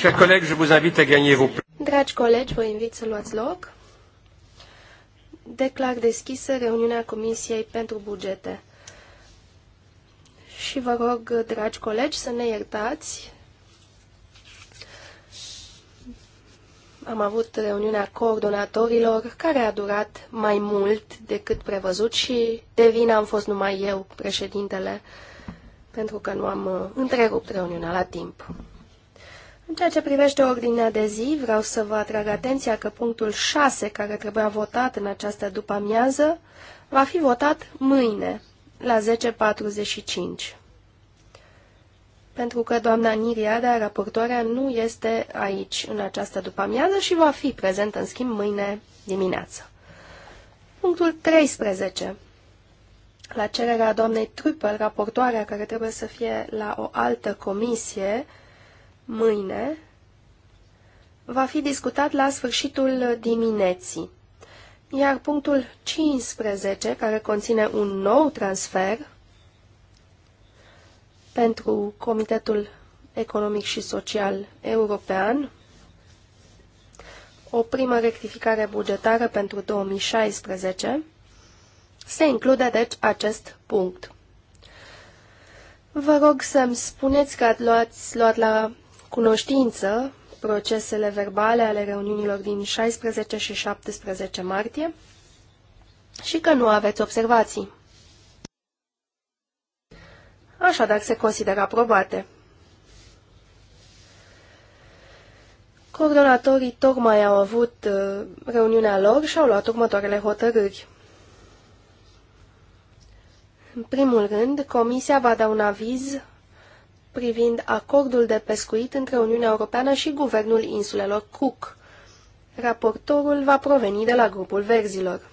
Chers collègues, je vous invite à gagner vos Dragi colegi, vă invit să luați loc. Declar deschisă reuniunea Comisiei pentru Bugete. Și vă rog, dragi colegi, să ne iertați. Am avut reuniunea coordonatorilor, care a durat mai mult decât prevăzut și de vină am fost numai eu, președintele, pentru că nu am uh, întrerupt reuniunea la timp. În ceea ce privește ordinea de zi, vreau să vă atrag atenția că punctul 6, care trebuia votat în această după-amiază, va fi votat mâine, la 10.45. Pentru că doamna Niriada, raportoarea, nu este aici în această după-amiază și va fi prezentă, în schimb, mâine dimineață. Punctul 13. La cererea doamnei Trupel, raportoarea, care trebuie să fie la o altă comisie, mâine va fi discutat la sfârșitul dimineții, iar punctul 15, care conține un nou transfer pentru Comitetul Economic și Social European, o primă rectificare bugetară pentru 2016, se include deci acest punct. Vă rog să-mi spuneți că ați luat, luat la cunoștință procesele verbale ale reuniunilor din 16 și 17 martie și că nu aveți observații. Așadar, se consideră aprobate. Coordonatorii tocmai au avut uh, reuniunea lor și au luat următoarele hotărâri. În primul rând, Comisia va da un aviz privind acordul de pescuit între Uniunea Europeană și Guvernul Insulelor Cook. Raportorul va proveni de la grupul verzilor.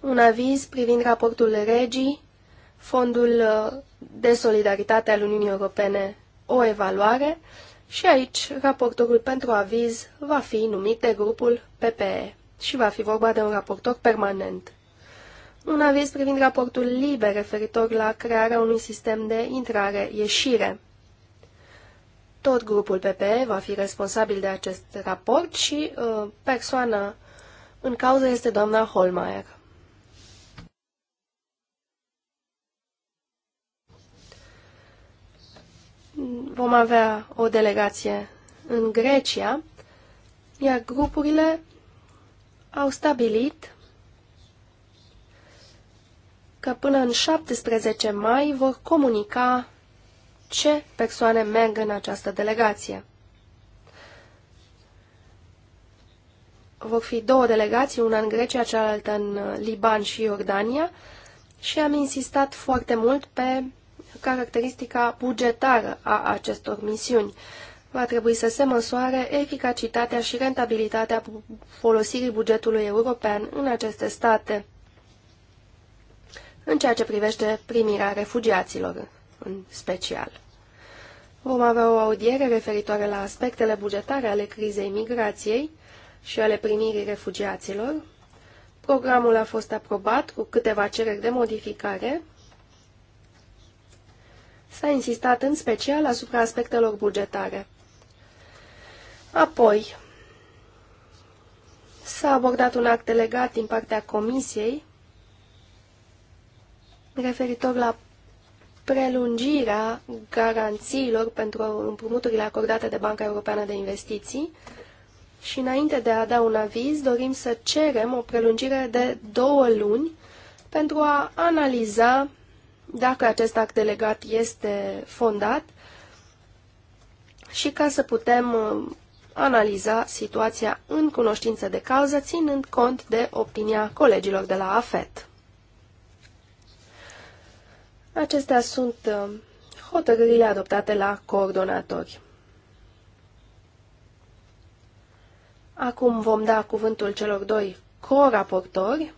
Un aviz privind raportul Regii, Fondul uh, de Solidaritate al Uniunii Europene, o evaluare, și aici raportorul pentru aviz va fi numit de grupul PPE și va fi vorba de un raportor permanent un aviz privind raportul liber referitor la crearea unui sistem de intrare-ieșire. Tot grupul PPE va fi responsabil de acest raport și uh, persoana în cauză este doamna Holmeier. Vom avea o delegație în Grecia, iar grupurile au stabilit că până în 17 mai vor comunica ce persoane merg în această delegație. Vor fi două delegații, una în Grecia, cealaltă în Liban și Iordania, și am insistat foarte mult pe caracteristica bugetară a acestor misiuni. Va trebui să se măsoare eficacitatea și rentabilitatea folosirii bugetului european în aceste state în ceea ce privește primirea refugiaților în special. Vom avea o audiere referitoare la aspectele bugetare ale crizei migrației și ale primirii refugiaților. Programul a fost aprobat cu câteva cereri de modificare. S-a insistat în special asupra aspectelor bugetare. Apoi, s-a abordat un act legat din partea Comisiei referitor la prelungirea garanțiilor pentru împrumuturile acordate de Banca Europeană de Investiții și înainte de a da un aviz, dorim să cerem o prelungire de două luni pentru a analiza dacă acest act delegat este fondat și ca să putem uh, analiza situația în cunoștință de cauză, ținând cont de opinia colegilor de la AFET. Acestea sunt uh, hotărârile adoptate la coordonatori. Acum vom da cuvântul celor doi coraportori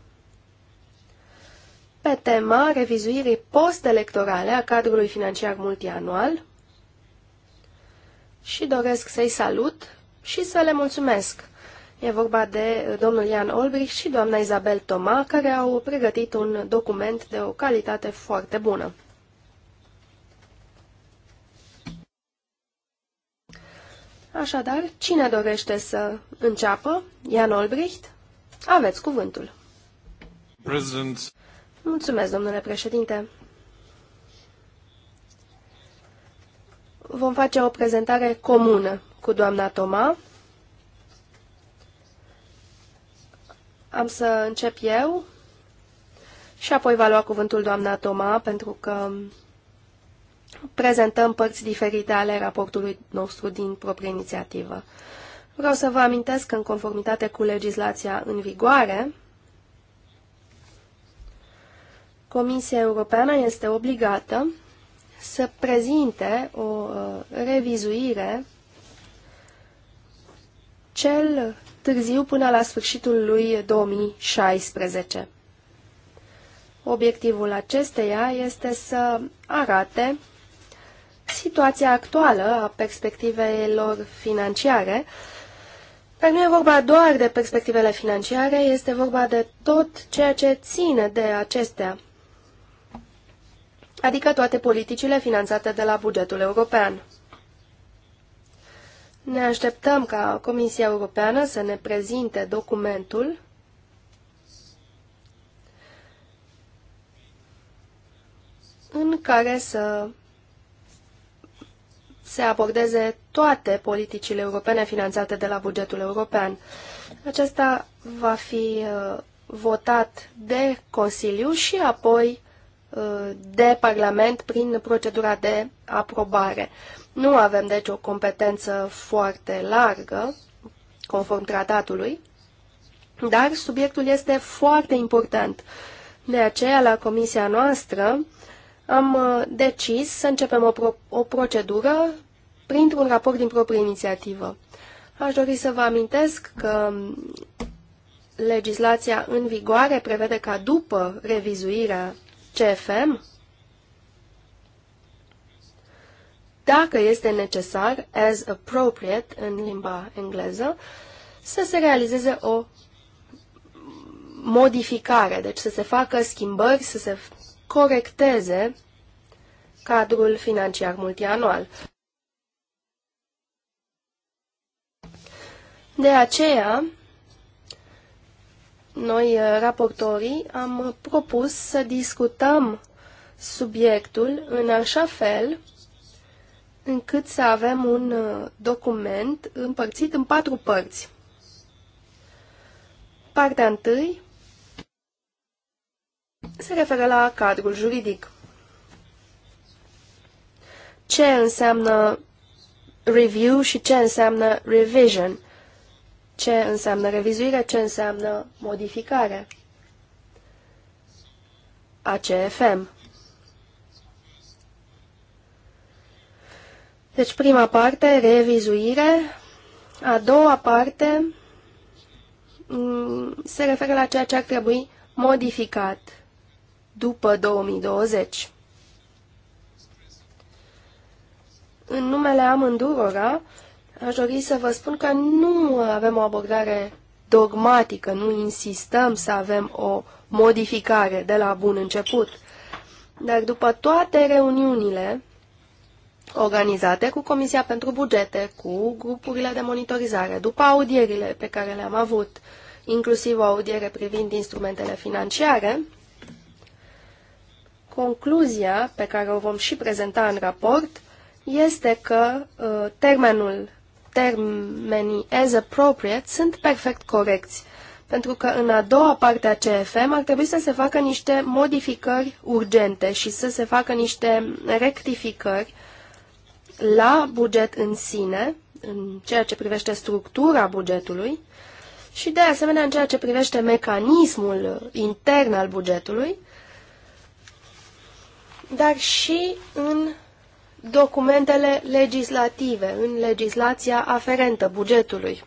pe tema revizuirii post-electorale a cadrului financiar multianual și doresc să-i salut și să le mulțumesc E vorba de domnul Ian Olbrich și doamna Isabel Toma, care au pregătit un document de o calitate foarte bună. Așadar, cine dorește să înceapă? Ian Olbricht? Aveți cuvântul. President. Mulțumesc, domnule președinte. Vom face o prezentare comună cu doamna Toma Am să încep eu și apoi va lua cuvântul doamna Toma, pentru că prezentăm părți diferite ale raportului nostru din proprie inițiativă. Vreau să vă amintesc că, în conformitate cu legislația în vigoare, Comisia Europeană este obligată să prezinte o uh, revizuire cel târziu până la sfârșitul lui 2016. Obiectivul acesteia este să arate situația actuală a perspectivelor financiare, dar nu e vorba doar de perspectivele financiare, este vorba de tot ceea ce ține de acestea, adică toate politicile finanțate de la bugetul european. Ne așteptăm ca Comisia Europeană să ne prezinte documentul în care să se abordeze toate politicile europene finanțate de la bugetul european. Acesta va fi uh, votat de Consiliu și apoi uh, de Parlament prin procedura de aprobare. Nu avem, deci, o competență foarte largă, conform tratatului, dar subiectul este foarte important. De aceea, la comisia noastră, am uh, decis să începem o, pro o procedură printr-un raport din proprie inițiativă. Aș dori să vă amintesc că legislația în vigoare prevede ca după revizuirea CFM, dacă este necesar, as appropriate, în limba engleză, să se realizeze o modificare, deci să se facă schimbări, să se corecteze cadrul financiar multianual. De aceea, noi, uh, raportorii, am propus să discutăm subiectul în așa fel încât să avem un uh, document împărțit în patru părți. Partea întâi se referă la cadrul juridic. Ce înseamnă review și ce înseamnă revision? Ce înseamnă revizuire, ce înseamnă modificare? ACFM Deci prima parte, revizuire. A doua parte mm, se referă la ceea ce ar trebui modificat după 2020. În numele amândurora, aș dori să vă spun că nu avem o abordare dogmatică, nu insistăm să avem o modificare de la bun început. Dar după toate reuniunile organizate cu Comisia pentru Bugete, cu grupurile de monitorizare, după audierile pe care le-am avut, inclusiv o audiere privind instrumentele financiare, concluzia pe care o vom și prezenta în raport este că uh, termenul, termenii as appropriate sunt perfect corecți, pentru că în a doua parte a CFM ar trebui să se facă niște modificări urgente și să se facă niște rectificări la buget în sine, în ceea ce privește structura bugetului și, de asemenea, în ceea ce privește mecanismul intern al bugetului, dar și în documentele legislative, în legislația aferentă bugetului.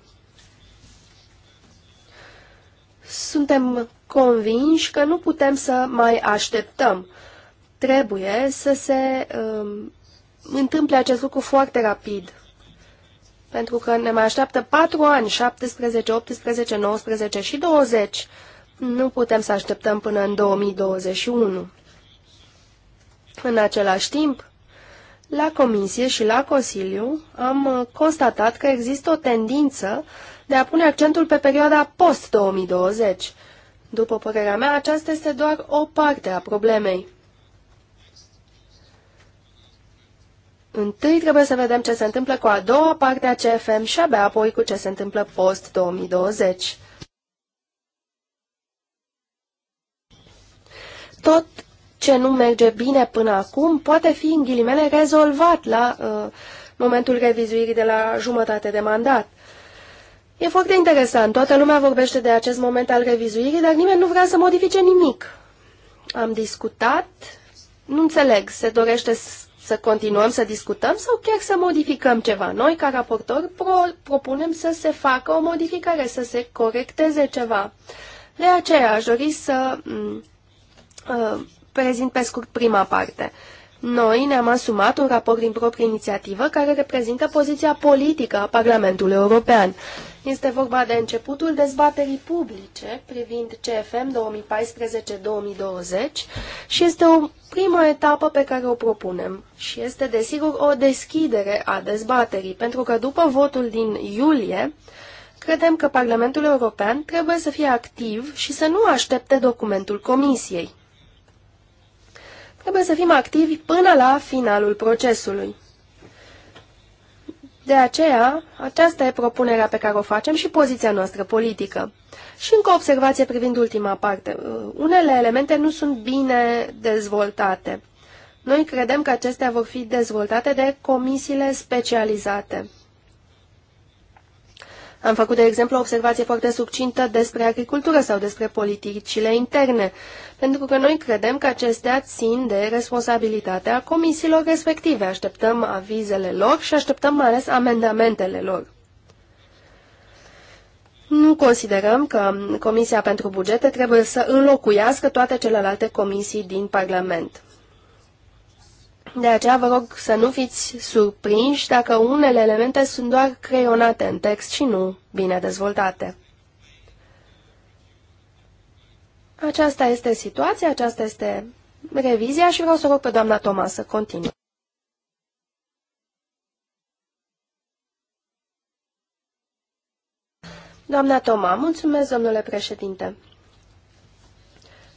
Suntem convinși că nu putem să mai așteptăm. Trebuie să se um, întâmple acest lucru foarte rapid. Pentru că ne mai așteaptă 4 ani, 17, 18, 19 și 20. Nu putem să așteptăm până în 2021. În același timp, la Comisie și la Consiliu am uh, constatat că există o tendință de a pune accentul pe perioada post-2020. După părerea mea, aceasta este doar o parte a problemei. Întâi trebuie să vedem ce se întâmplă cu a doua parte a CFM și abia apoi cu ce se întâmplă post-2020. Tot ce nu merge bine până acum poate fi, în ghilimele, rezolvat la uh, momentul revizuirii de la jumătate de mandat. E foarte interesant, toată lumea vorbește de acest moment al revizuirii, dar nimeni nu vrea să modifice nimic. Am discutat, nu înțeleg, se dorește să continuăm să discutăm sau chiar să modificăm ceva. Noi, ca raportori, pro propunem să se facă o modificare, să se corecteze ceva. De aceea aș dori să mm, uh, prezint pe scurt prima parte. Noi ne-am asumat un raport din proprie inițiativă care reprezintă poziția politică a Parlamentului European este vorba de începutul dezbaterii publice privind CFM 2014-2020 și este o primă etapă pe care o propunem și este desigur o deschidere a dezbaterii, pentru că după votul din iulie, credem că Parlamentul European trebuie să fie activ și să nu aștepte documentul Comisiei. Trebuie să fim activi până la finalul procesului. De aceea, aceasta e propunerea pe care o facem și poziția noastră politică. Și încă o observație privind ultima parte. Unele elemente nu sunt bine dezvoltate. Noi credem că acestea vor fi dezvoltate de comisiile specializate. Am făcut, de exemplu, o observație foarte succintă despre agricultură sau despre politicile interne, pentru că noi credem că acestea țin de responsabilitatea comisiilor respective. Așteptăm avizele lor și așteptăm mai ales amendamentele lor. Nu considerăm că Comisia pentru Bugete trebuie să înlocuiască toate celelalte comisii din Parlament. De aceea vă rog să nu fiți surprinși dacă unele elemente sunt doar creionate în text și nu bine dezvoltate. Aceasta este situația, aceasta este revizia și vreau să rog pe doamna Toma să continue. Doamna Toma, mulțumesc, domnule președinte.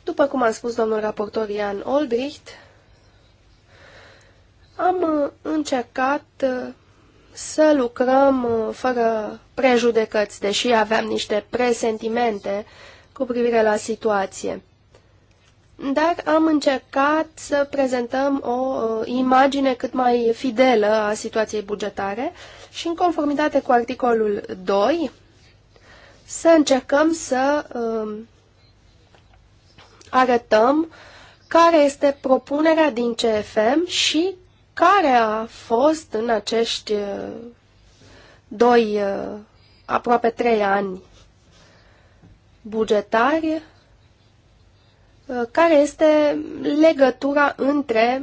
După cum a spus domnul raportor Ian Olbricht, am uh, încercat uh, să lucrăm uh, fără prejudecăți, deși aveam niște presentimente cu privire la situație. Dar am încercat să prezentăm o imagine cât mai fidelă a situației bugetare și în conformitate cu articolul 2 să încercăm să um, arătăm care este propunerea din CFM și care a fost în acești uh, doi, uh, aproape trei ani bugetari, uh, care este legătura între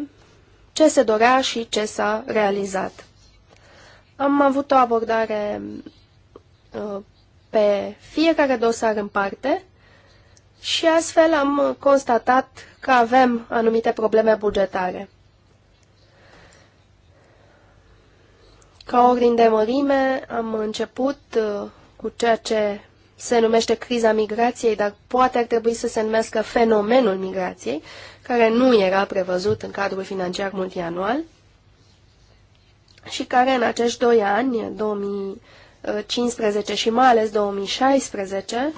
ce se dorea și ce s-a realizat. Am avut o abordare pe fiecare dosar în parte și astfel am constatat că avem anumite probleme bugetare. Ca ordin de mărime, am început uh, cu ceea ce se numește criza migrației, dar poate ar trebui să se numească fenomenul migrației, care nu era prevăzut în cadrul financiar multianual și care în acești doi ani, 2015 și mai ales 2016,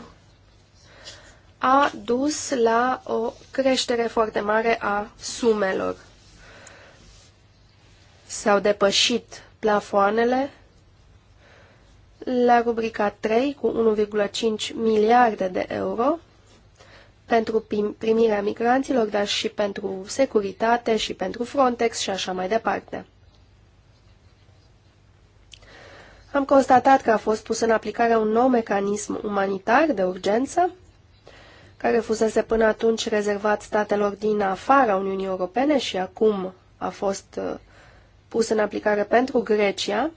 a dus la o creștere foarte mare a sumelor. S-au depășit plafoanele la rubrica 3 cu 1,5 miliarde de euro pentru primirea migranților, dar și pentru securitate și pentru Frontex și așa mai departe. Am constatat că a fost pus în aplicare un nou mecanism umanitar de urgență, care fusese până atunci rezervat statelor din afara Uniunii Europene și acum a fost uh, pus în aplicare pentru Grecia.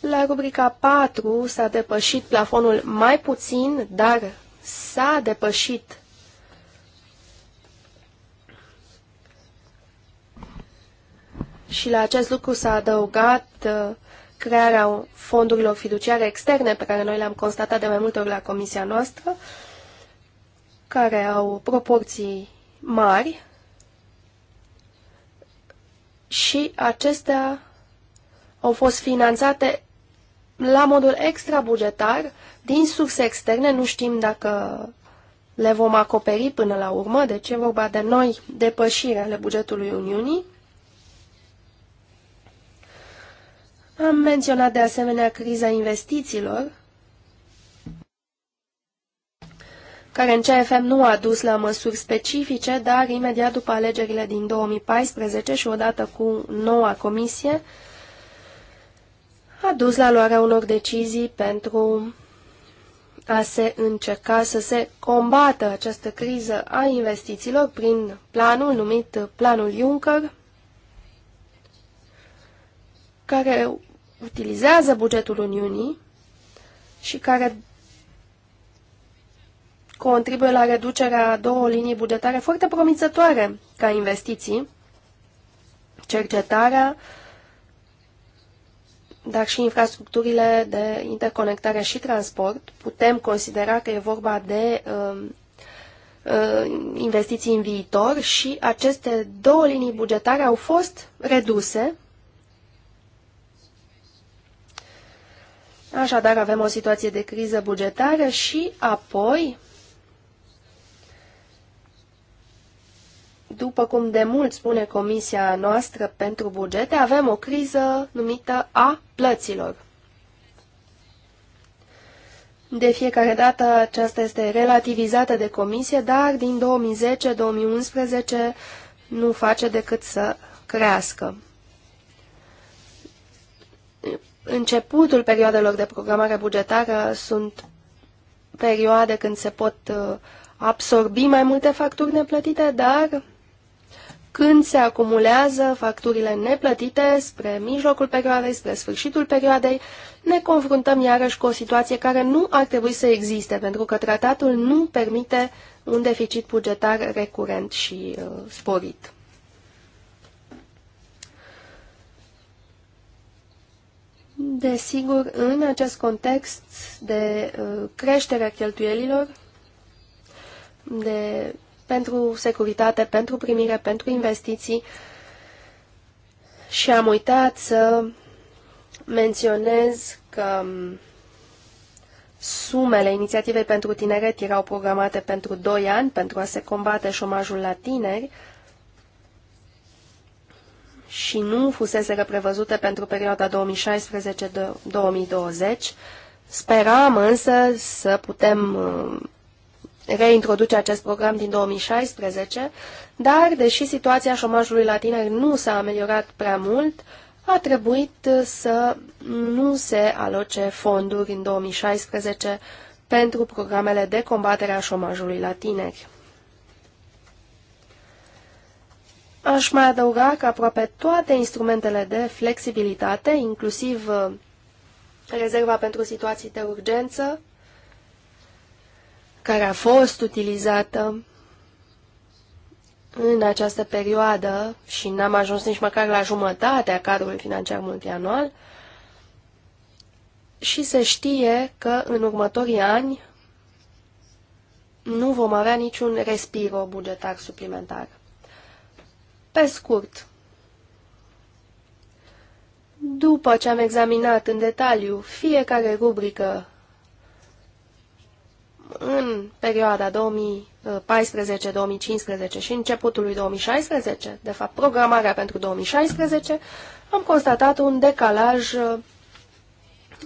La rubrica 4 s-a depășit plafonul mai puțin, dar s-a depășit și la acest lucru s-a adăugat uh, crearea fondurilor fiduciare externe pe care noi le-am constatat de mai multe ori la comisia noastră, care au proporții mari și acestea au fost finanțate la modul extrabugetar din surse externe, nu știm dacă le vom acoperi până la urmă, deci e vorba de noi depășire ale bugetului Uniunii. Am menționat de asemenea criza investițiilor, care în CFM nu a dus la măsuri specifice, dar imediat după alegerile din 2014 și odată cu noua comisie, a dus la luarea unor decizii pentru a se încerca să se combată această criză a investițiilor prin planul numit Planul Juncker, care utilizează bugetul Uniunii și care contribuie la reducerea a două linii bugetare foarte promițătoare ca investiții, cercetarea, dar și infrastructurile de interconectare și transport. Putem considera că e vorba de um, uh, investiții în viitor și aceste două linii bugetare au fost reduse. Așadar, avem o situație de criză bugetară și apoi după cum de mult spune Comisia noastră pentru bugete, avem o criză numită a plăților. De fiecare dată aceasta este relativizată de comisie, dar din 2010-2011 nu face decât să crească. Începutul perioadelor de programare bugetară sunt perioade când se pot uh, absorbi mai multe facturi neplătite, dar când se acumulează facturile neplătite spre mijlocul perioadei, spre sfârșitul perioadei, ne confruntăm iarăși cu o situație care nu ar trebui să existe, pentru că tratatul nu permite un deficit bugetar recurent și uh, sporit. Desigur, în acest context de uh, creștere a cheltuielilor, de pentru securitate, pentru primire, pentru investiții și am uitat să menționez că um, sumele inițiativei pentru tineret erau programate pentru 2 ani pentru a se combate șomajul la tineri și nu fusese prevăzute pentru perioada 2016-2020. Speram însă să putem um, reintroduce acest program din 2016, dar, deși situația șomajului la tineri nu s-a ameliorat prea mult, a trebuit să nu se aloce fonduri în 2016 pentru programele de combatere a șomajului la tineri. Aș mai adăuga că aproape toate instrumentele de flexibilitate, inclusiv uh, rezerva pentru situații de urgență, care a fost utilizată în această perioadă și n-am ajuns nici măcar la jumătatea cadrului financiar multianual și se știe că în următorii ani nu vom avea niciun respiro bugetar suplimentar. Pe scurt, după ce am examinat în detaliu fiecare rubrică în perioada 2014-2015 și începutul lui 2016, de fapt programarea pentru 2016, am constatat un decalaj uh,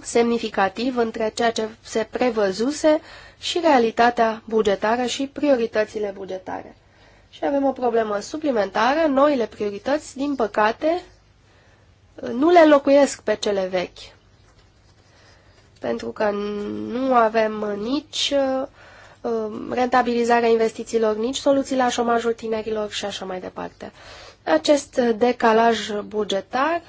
semnificativ între ceea ce se prevăzuse și realitatea bugetară și prioritățile bugetare. Și avem o problemă suplimentară, noile priorități, din păcate, nu le locuiesc pe cele vechi pentru că nu avem nici uh, um, rentabilizarea investițiilor, nici soluții la șomajul tinerilor și așa mai departe. Acest decalaj bugetar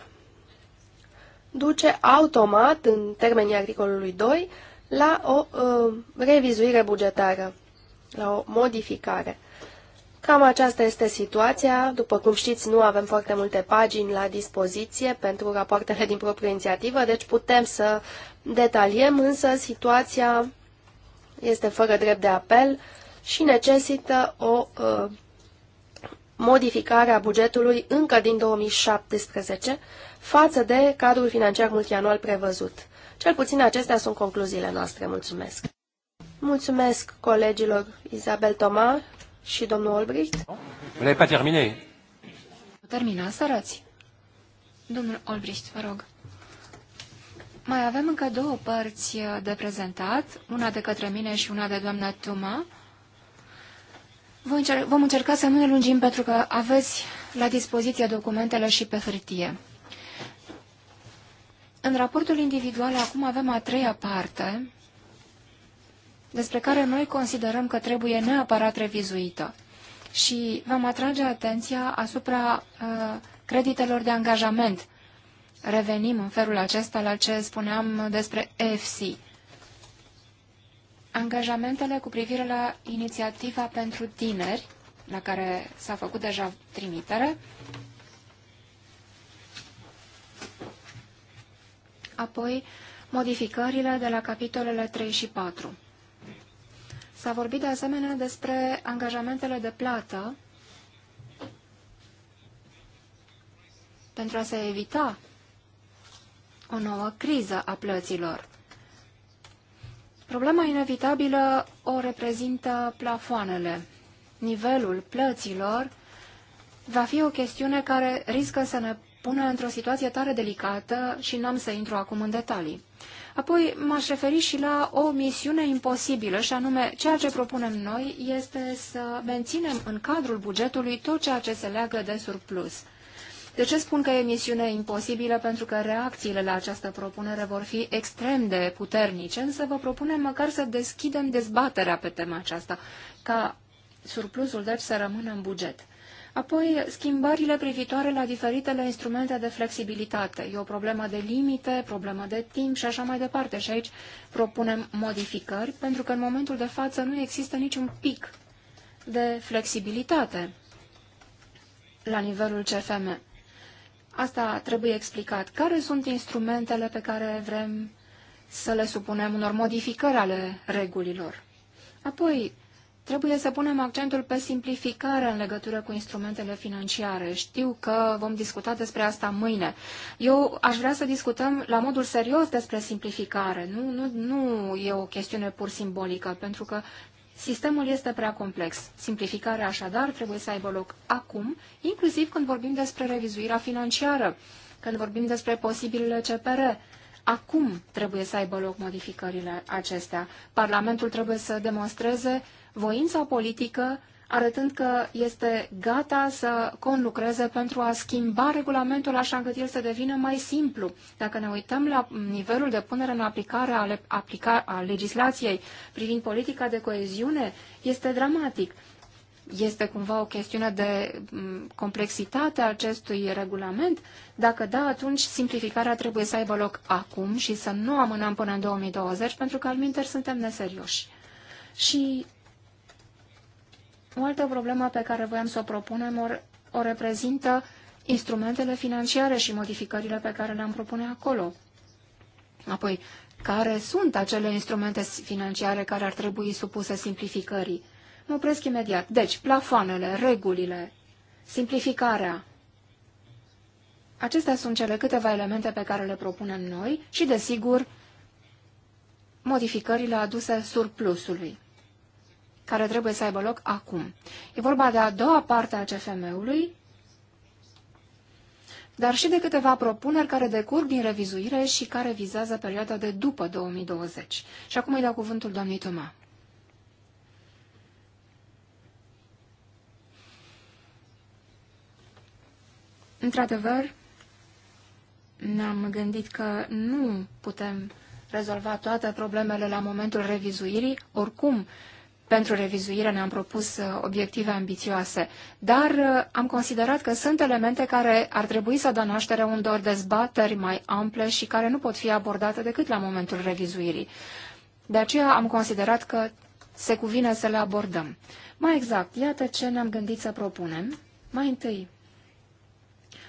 duce automat, în termenii articolului 2, la o uh, revizuire bugetară, la o modificare. Cam aceasta este situația. După cum știți, nu avem foarte multe pagini la dispoziție pentru rapoartele din proprie inițiativă, deci putem să detaliem, însă situația este fără drept de apel și necesită o uh, modificare a bugetului încă din 2017 față de cadrul financiar multianual prevăzut. Cel puțin acestea sunt concluziile noastre. Mulțumesc! Mulțumesc colegilor Isabel Toma, și domnul Olbricht. l n'avez pas terminé. Termina, sărați. Domnul Olbricht, vă rog. Mai avem încă două părți uh, de prezentat, una de către mine și una de doamna Tuma. Vom încerca să nu ne lungim pentru că aveți la dispoziție documentele și pe hârtie. În raportul individual acum avem a treia parte, despre care noi considerăm că trebuie neapărat revizuită. Și v-am atrage atenția asupra uh, creditelor de angajament. Revenim în felul acesta la ce spuneam despre EFSI. Angajamentele cu privire la inițiativa pentru tineri, la care s-a făcut deja trimitere, apoi modificările de la capitolele 3 și 4. S-a vorbit de asemenea despre angajamentele de plată pentru a se evita o nouă criză a plăților. Problema inevitabilă o reprezintă plafoanele. Nivelul plăților va fi o chestiune care riscă să ne pune într-o situație tare delicată și n-am să intru acum în detalii. Apoi m-aș referi și la o misiune imposibilă, și anume ceea ce propunem noi este să menținem în cadrul bugetului tot ceea ce se leagă de surplus. De ce spun că e misiune imposibilă? Pentru că reacțiile la această propunere vor fi extrem de puternice, însă vă propunem măcar să deschidem dezbaterea pe tema aceasta, ca surplusul deci să rămână în buget. Apoi, schimbările privitoare la diferitele instrumente de flexibilitate. E o problemă de limite, problemă de timp și așa mai departe. Și aici propunem modificări, pentru că în momentul de față nu există niciun pic de flexibilitate la nivelul CFM. Asta trebuie explicat. Care sunt instrumentele pe care vrem să le supunem unor modificări ale regulilor? Apoi, Trebuie să punem accentul pe simplificare în legătură cu instrumentele financiare. Știu că vom discuta despre asta mâine. Eu aș vrea să discutăm la modul serios despre simplificare. Nu, nu, nu e o chestiune pur simbolică, pentru că sistemul este prea complex. Simplificarea așadar trebuie să aibă loc acum, inclusiv când vorbim despre revizuirea financiară, când vorbim despre posibilele CPR. Acum trebuie să aibă loc modificările acestea. Parlamentul trebuie să demonstreze voința politică, arătând că este gata să conlucreze pentru a schimba regulamentul așa încât el să devină mai simplu. Dacă ne uităm la nivelul de punere în aplicare a, aplica, a legislației privind politica de coeziune, este dramatic. Este cumva o chestiune de mm, complexitate a acestui regulament? Dacă da, atunci simplificarea trebuie să aibă loc acum și să nu amânăm până în 2020, pentru că al suntem neserioși. Și o altă problemă pe care voiam să o propunem o, o reprezintă instrumentele financiare și modificările pe care le-am propune acolo. Apoi, care sunt acele instrumente financiare care ar trebui supuse simplificării? Mă opresc imediat. Deci, plafoanele, regulile, simplificarea. Acestea sunt cele câteva elemente pe care le propunem noi și, desigur, modificările aduse surplusului care trebuie să aibă loc acum. E vorba de a doua parte a CFM-ului, dar și de câteva propuneri care decurg din revizuire și care vizează perioada de după 2020. Și acum îi dau cuvântul doamnei Toma. Într-adevăr, ne-am gândit că nu putem rezolva toate problemele la momentul revizuirii, oricum pentru revizuire ne-am propus uh, obiective ambițioase, dar uh, am considerat că sunt elemente care ar trebui să dă naștere unor dezbateri mai ample și care nu pot fi abordate decât la momentul revizuirii. De aceea am considerat că se cuvine să le abordăm. Mai exact, iată ce ne-am gândit să propunem. Mai întâi,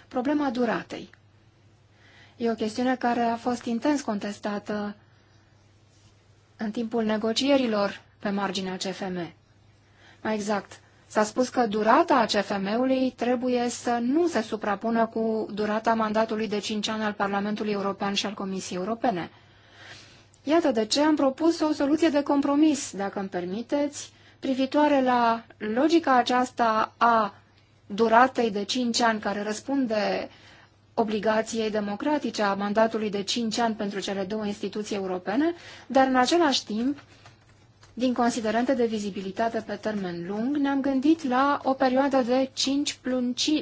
problema duratei. E o chestiune care a fost intens contestată în timpul negocierilor pe marginea CFM. Mai exact, s-a spus că durata CFM-ului trebuie să nu se suprapună cu durata mandatului de 5 ani al Parlamentului European și al Comisiei Europene. Iată de ce am propus o soluție de compromis, dacă îmi permiteți, privitoare la logica aceasta a duratei de 5 ani care răspunde obligației democratice a mandatului de 5 ani pentru cele două instituții europene, dar în același timp din considerente de vizibilitate pe termen lung, ne-am gândit la o perioadă de 5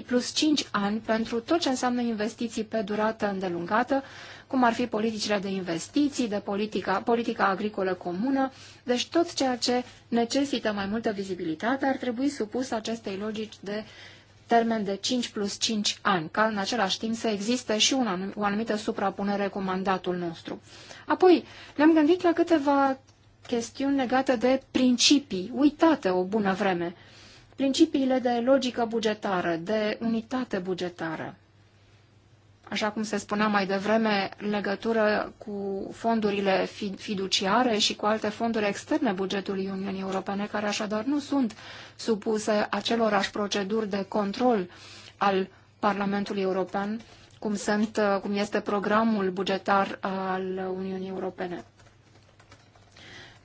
plus 5 ani pentru tot ce înseamnă investiții pe durată îndelungată, cum ar fi politicile de investiții, de politica, politica agricolă comună, deci tot ceea ce necesită mai multă vizibilitate ar trebui supus acestei logici de termen de 5 plus 5 ani, ca în același timp să existe și un anum, o anumită suprapunere cu mandatul nostru. Apoi, ne-am gândit la câteva chestiuni legate de principii, uitate o bună vreme. Principiile de logică bugetară, de unitate bugetară. Așa cum se spunea mai devreme, legătură cu fondurile fiduciare și cu alte fonduri externe bugetului Uniunii Europene, care așadar nu sunt supuse acelorași proceduri de control al Parlamentului European, cum, sunt, cum este programul bugetar al Uniunii Europene.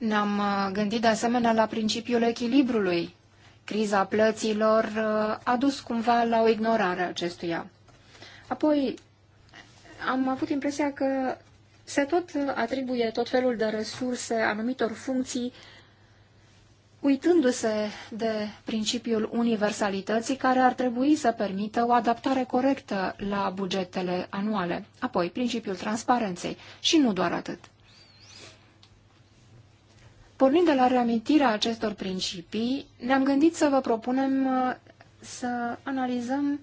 Ne-am uh, gândit de asemenea la principiul echilibrului. Criza plăților uh, a dus cumva la o ignorare a acestuia. Apoi, am avut impresia că se tot atribuie tot felul de resurse anumitor funcții, uitându-se de principiul universalității care ar trebui să permită o adaptare corectă la bugetele anuale. Apoi, principiul transparenței. Și nu doar atât. Pornind de la reamintirea acestor principii, ne-am gândit să vă propunem uh, să analizăm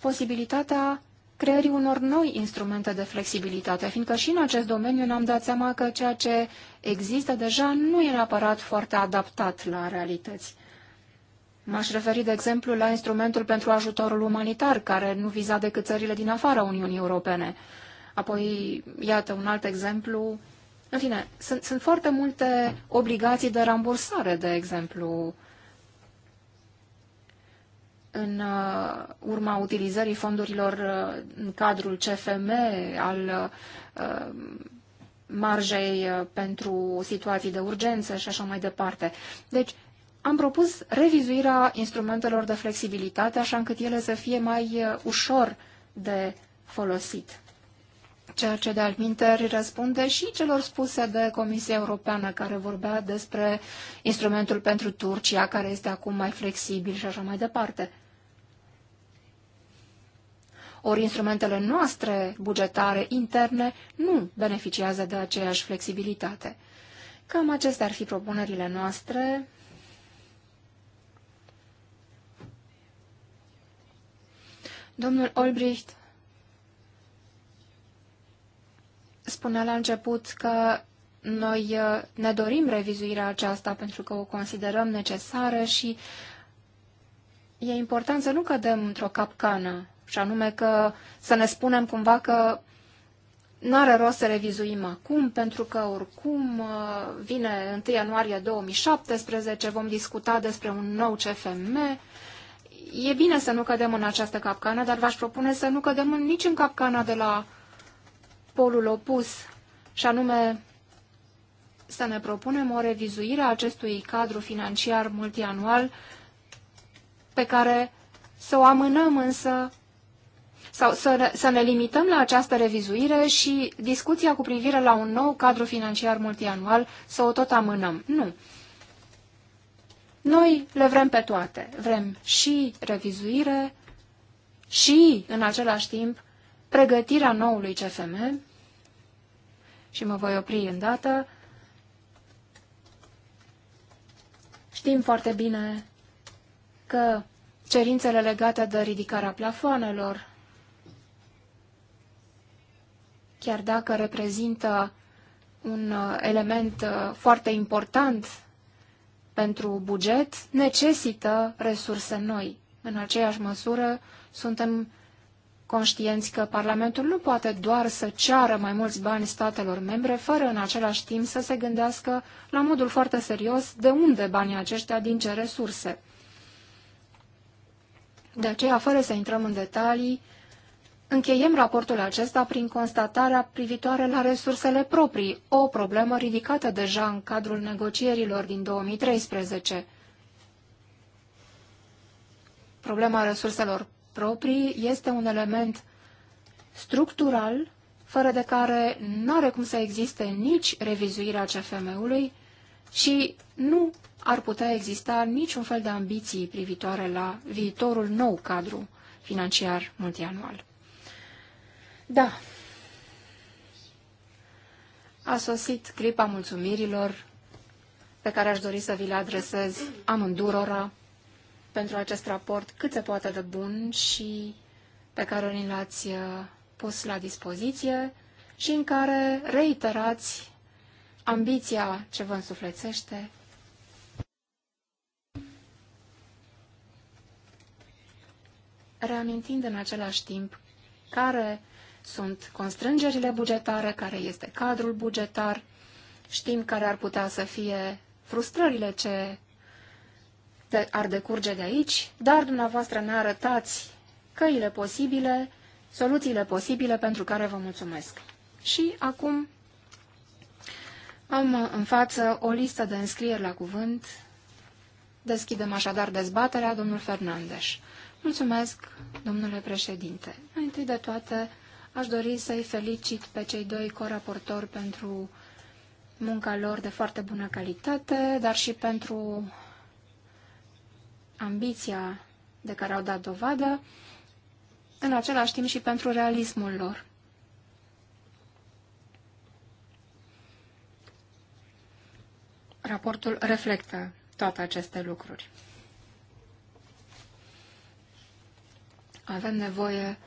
posibilitatea creării unor noi instrumente de flexibilitate, fiindcă și în acest domeniu ne-am dat seama că ceea ce există deja nu e neapărat foarte adaptat la realități. M-aș referi, de exemplu, la instrumentul pentru ajutorul umanitar, care nu viza decât țările din afara Uniunii Europene. Apoi, iată un alt exemplu, în fine, sunt, sunt foarte multe obligații de rambursare, de exemplu, în uh, urma utilizării fondurilor uh, în cadrul CFM, al uh, marjei pentru situații de urgență și așa mai departe. Deci, am propus revizuirea instrumentelor de flexibilitate, așa încât ele să fie mai ușor de folosit ceea ce de altminteri răspunde și celor spuse de Comisia Europeană, care vorbea despre instrumentul pentru Turcia, care este acum mai flexibil și așa mai departe. Ori instrumentele noastre bugetare interne nu beneficiază de aceeași flexibilitate. Cam acestea ar fi propunerile noastre. Domnul Olbricht spunea la început că noi uh, ne dorim revizuirea aceasta pentru că o considerăm necesară și e important să nu cădem într-o capcană, și anume că să ne spunem cumva că nu are rost să revizuim acum, pentru că oricum uh, vine 1 ianuarie 2017, vom discuta despre un nou CFM. E bine să nu cădem în această capcană, dar v-aș propune să nu cădem nici în capcana de la polul opus, și anume să ne propunem o revizuire a acestui cadru financiar multianual pe care să o amânăm însă sau să, să ne limităm la această revizuire și discuția cu privire la un nou cadru financiar multianual să o tot amânăm. Nu. Noi le vrem pe toate. Vrem și revizuire și, în același timp, pregătirea noului CFM și mă voi opri în dată. Știm foarte bine că cerințele legate de ridicarea plafoanelor, chiar dacă reprezintă un uh, element uh, foarte important pentru buget, necesită resurse noi. În aceeași măsură, suntem conștienți că Parlamentul nu poate doar să ceară mai mulți bani statelor membre, fără în același timp să se gândească la modul foarte serios de unde banii aceștia, din ce resurse. De aceea, fără să intrăm în detalii, încheiem raportul acesta prin constatarea privitoare la resursele proprii, o problemă ridicată deja în cadrul negocierilor din 2013. Problema resurselor proprii este un element structural, fără de care nu are cum să existe nici revizuirea CFM-ului și nu ar putea exista niciun fel de ambiții privitoare la viitorul nou cadru financiar multianual. Da, a sosit clipa mulțumirilor pe care aș dori să vi le adresez amândurora pentru acest raport cât se poate de bun și pe care ni l-ați uh, pus la dispoziție și în care reiterați ambiția ce vă însuflețește. Reamintind în același timp care sunt constrângerile bugetare, care este cadrul bugetar, știm care ar putea să fie frustrările ce de, ar decurge de aici, dar dumneavoastră ne arătați căile posibile, soluțiile posibile pentru care vă mulțumesc. Și acum am în față o listă de înscrieri la cuvânt. Deschidem așadar dezbaterea, domnul Fernandes. Mulțumesc, domnule președinte. Mai întâi de toate, aș dori să-i felicit pe cei doi coraportori pentru munca lor de foarte bună calitate, dar și pentru ambiția de care au dat dovadă, în același timp și pentru realismul lor. Raportul reflectă toate aceste lucruri. Avem nevoie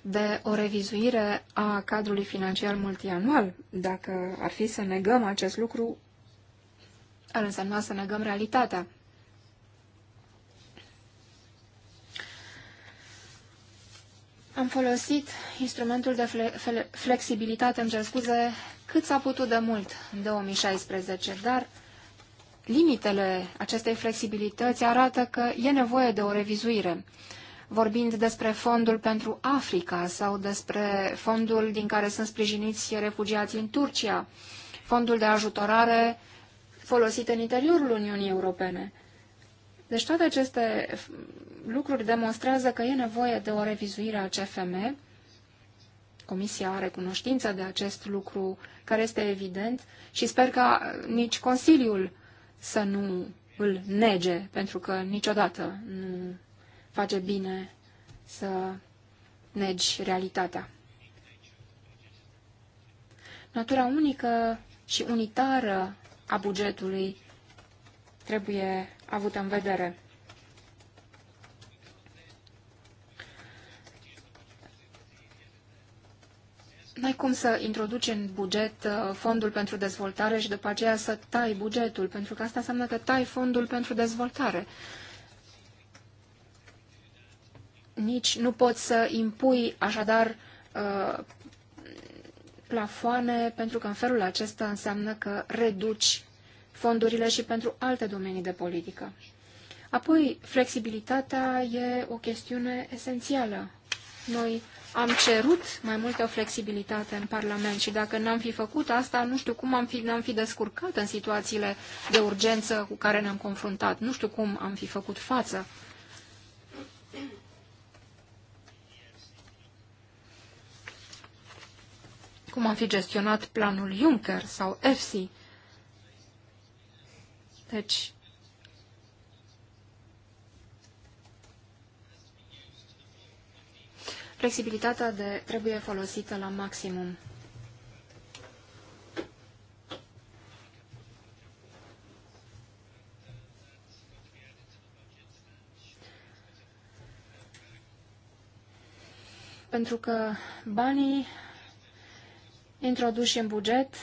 de o revizuire a cadrului financiar multianual. Dacă ar fi să negăm acest lucru, ar însemna să negăm realitatea. Am folosit instrumentul de fle flexibilitate, îmi cer scuze, cât s-a putut de mult în 2016, dar limitele acestei flexibilități arată că e nevoie de o revizuire. Vorbind despre fondul pentru Africa sau despre fondul din care sunt sprijiniți refugiații în Turcia, fondul de ajutorare folosit în interiorul Uniunii Europene. Deci toate aceste lucruri demonstrează că e nevoie de o revizuire a CFM. Comisia are cunoștință de acest lucru, care este evident, și sper ca nici Consiliul să nu îl nege, pentru că niciodată nu face bine să negi realitatea. Natura unică și unitară a bugetului trebuie avut în vedere. N-ai cum să introduci în buget uh, fondul pentru dezvoltare și după aceea să tai bugetul, pentru că asta înseamnă că tai fondul pentru dezvoltare. Nici nu poți să impui așadar uh, plafoane, pentru că în felul acesta înseamnă că reduci fondurile și pentru alte domenii de politică. Apoi, flexibilitatea e o chestiune esențială. Noi am cerut mai multă flexibilitate în Parlament și dacă n-am fi făcut asta, nu știu cum am fi, n-am fi descurcat în situațiile de urgență cu care ne-am confruntat. Nu știu cum am fi făcut față. Cum am fi gestionat planul Juncker sau EFSI. Deci, flexibilitatea de, trebuie folosită la maximum. Pentru că banii introduși în buget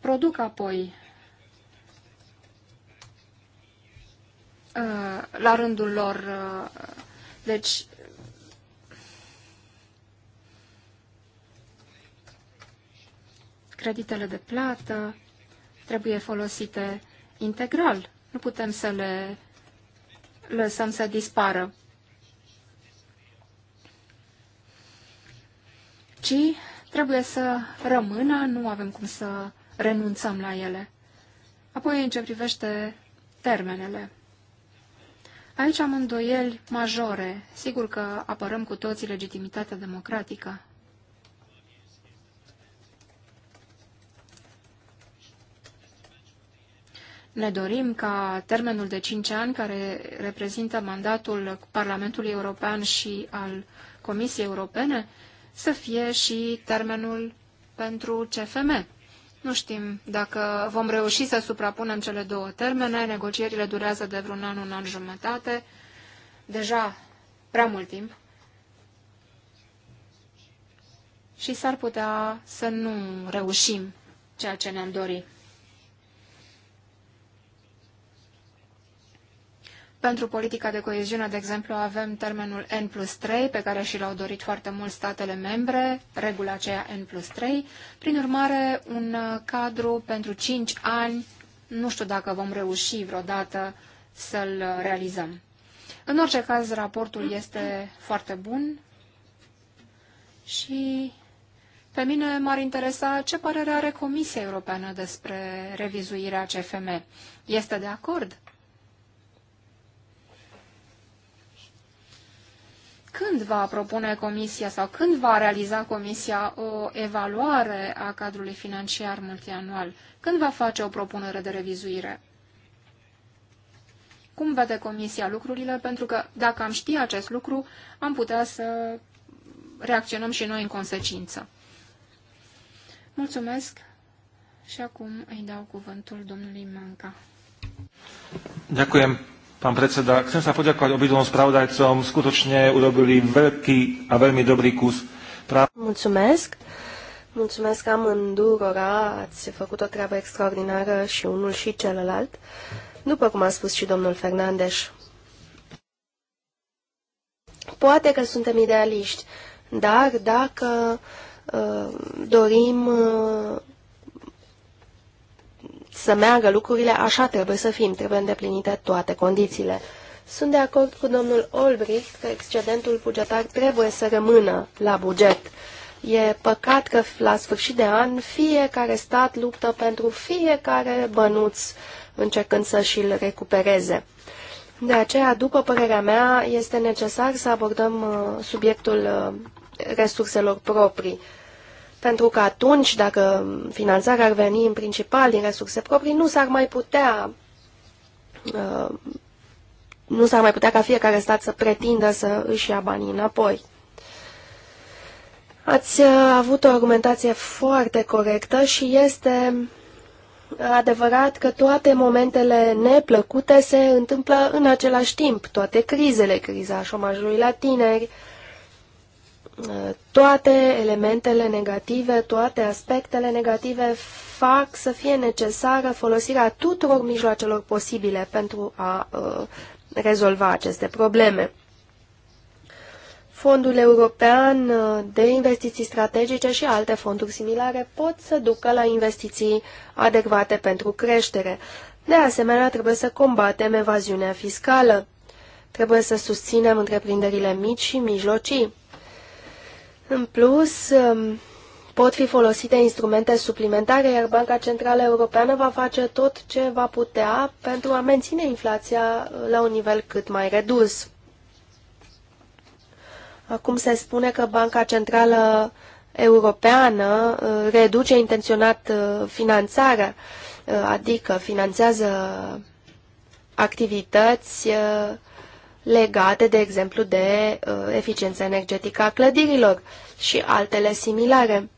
produc apoi Uh, la rândul lor. Uh, deci, creditele de plată trebuie folosite integral. Nu putem să le lăsăm să dispară. Ci trebuie să rămână, nu avem cum să renunțăm la ele. Apoi, în ce privește termenele. Aici am îndoieli majore. Sigur că apărăm cu toții legitimitatea democratică. Ne dorim ca termenul de 5 ani, care reprezintă mandatul Parlamentului European și al Comisiei Europene, să fie și termenul pentru CFM. Nu știm dacă vom reuși să suprapunem cele două termene. Negocierile durează de vreun an, un an jumătate. Deja prea mult timp. Și s-ar putea să nu reușim ceea ce ne-am dorit. Pentru politica de coeziune, de exemplu, avem termenul N plus 3, pe care și l-au dorit foarte mult statele membre, regula aceea N plus 3. Prin urmare, un uh, cadru pentru 5 ani, nu știu dacă vom reuși vreodată să-l uh, realizăm. În orice caz, raportul este foarte bun și pe mine m-ar interesa ce părere are Comisia Europeană despre revizuirea CFM. Este de acord când va propune Comisia sau când va realiza Comisia o evaluare a cadrului financiar multianual? Când va face o propunere de revizuire? Cum vede Comisia lucrurile? Pentru că dacă am ști acest lucru, am putea să reacționăm și noi în consecință. Mulțumesc și acum îi dau cuvântul domnului Manca. Ďakujem pán predseda. Chcem sa poďakovať obidvom spravodajcom. Skutočne urobili veľký a veľmi dobrý kus. Prá... Mulțumesc. Mulțumesc amândurora, ați făcut o treabă extraordinară și unul și celălalt, după cum a spus și domnul Fernandes. Poate că suntem idealiști, dar dacă uh, dorim uh, să meargă lucrurile, așa trebuie să fim, trebuie îndeplinite toate condițiile. Sunt de acord cu domnul Olbricht că excedentul bugetar trebuie să rămână la buget. E păcat că la sfârșit de an fiecare stat luptă pentru fiecare bănuț încercând să și-l recupereze. De aceea, după părerea mea, este necesar să abordăm uh, subiectul uh, resurselor proprii pentru că atunci, dacă finanțarea ar veni în principal din resurse proprii, nu s-ar mai putea uh, nu s-ar mai putea ca fiecare stat să pretindă să își ia banii înapoi. Ați uh, avut o argumentație foarte corectă și este adevărat că toate momentele neplăcute se întâmplă în același timp. Toate crizele, criza șomajului la tineri, uh, toate elementele negative, toate aspectele negative fac să fie necesară folosirea tuturor mijloacelor posibile pentru a uh, rezolva aceste probleme. Fondul European uh, de Investiții Strategice și alte fonduri similare pot să ducă la investiții adecvate pentru creștere. De asemenea, trebuie să combatem evaziunea fiscală. Trebuie să susținem întreprinderile mici și mijlocii. În plus, um, pot fi folosite instrumente suplimentare, iar Banca Centrală Europeană va face tot ce va putea pentru a menține inflația uh, la un nivel cât mai redus. Acum se spune că Banca Centrală Europeană uh, reduce intenționat uh, finanțarea, adică finanțează activități legate, de exemplu, de uh, eficiența energetică a clădirilor și altele similare.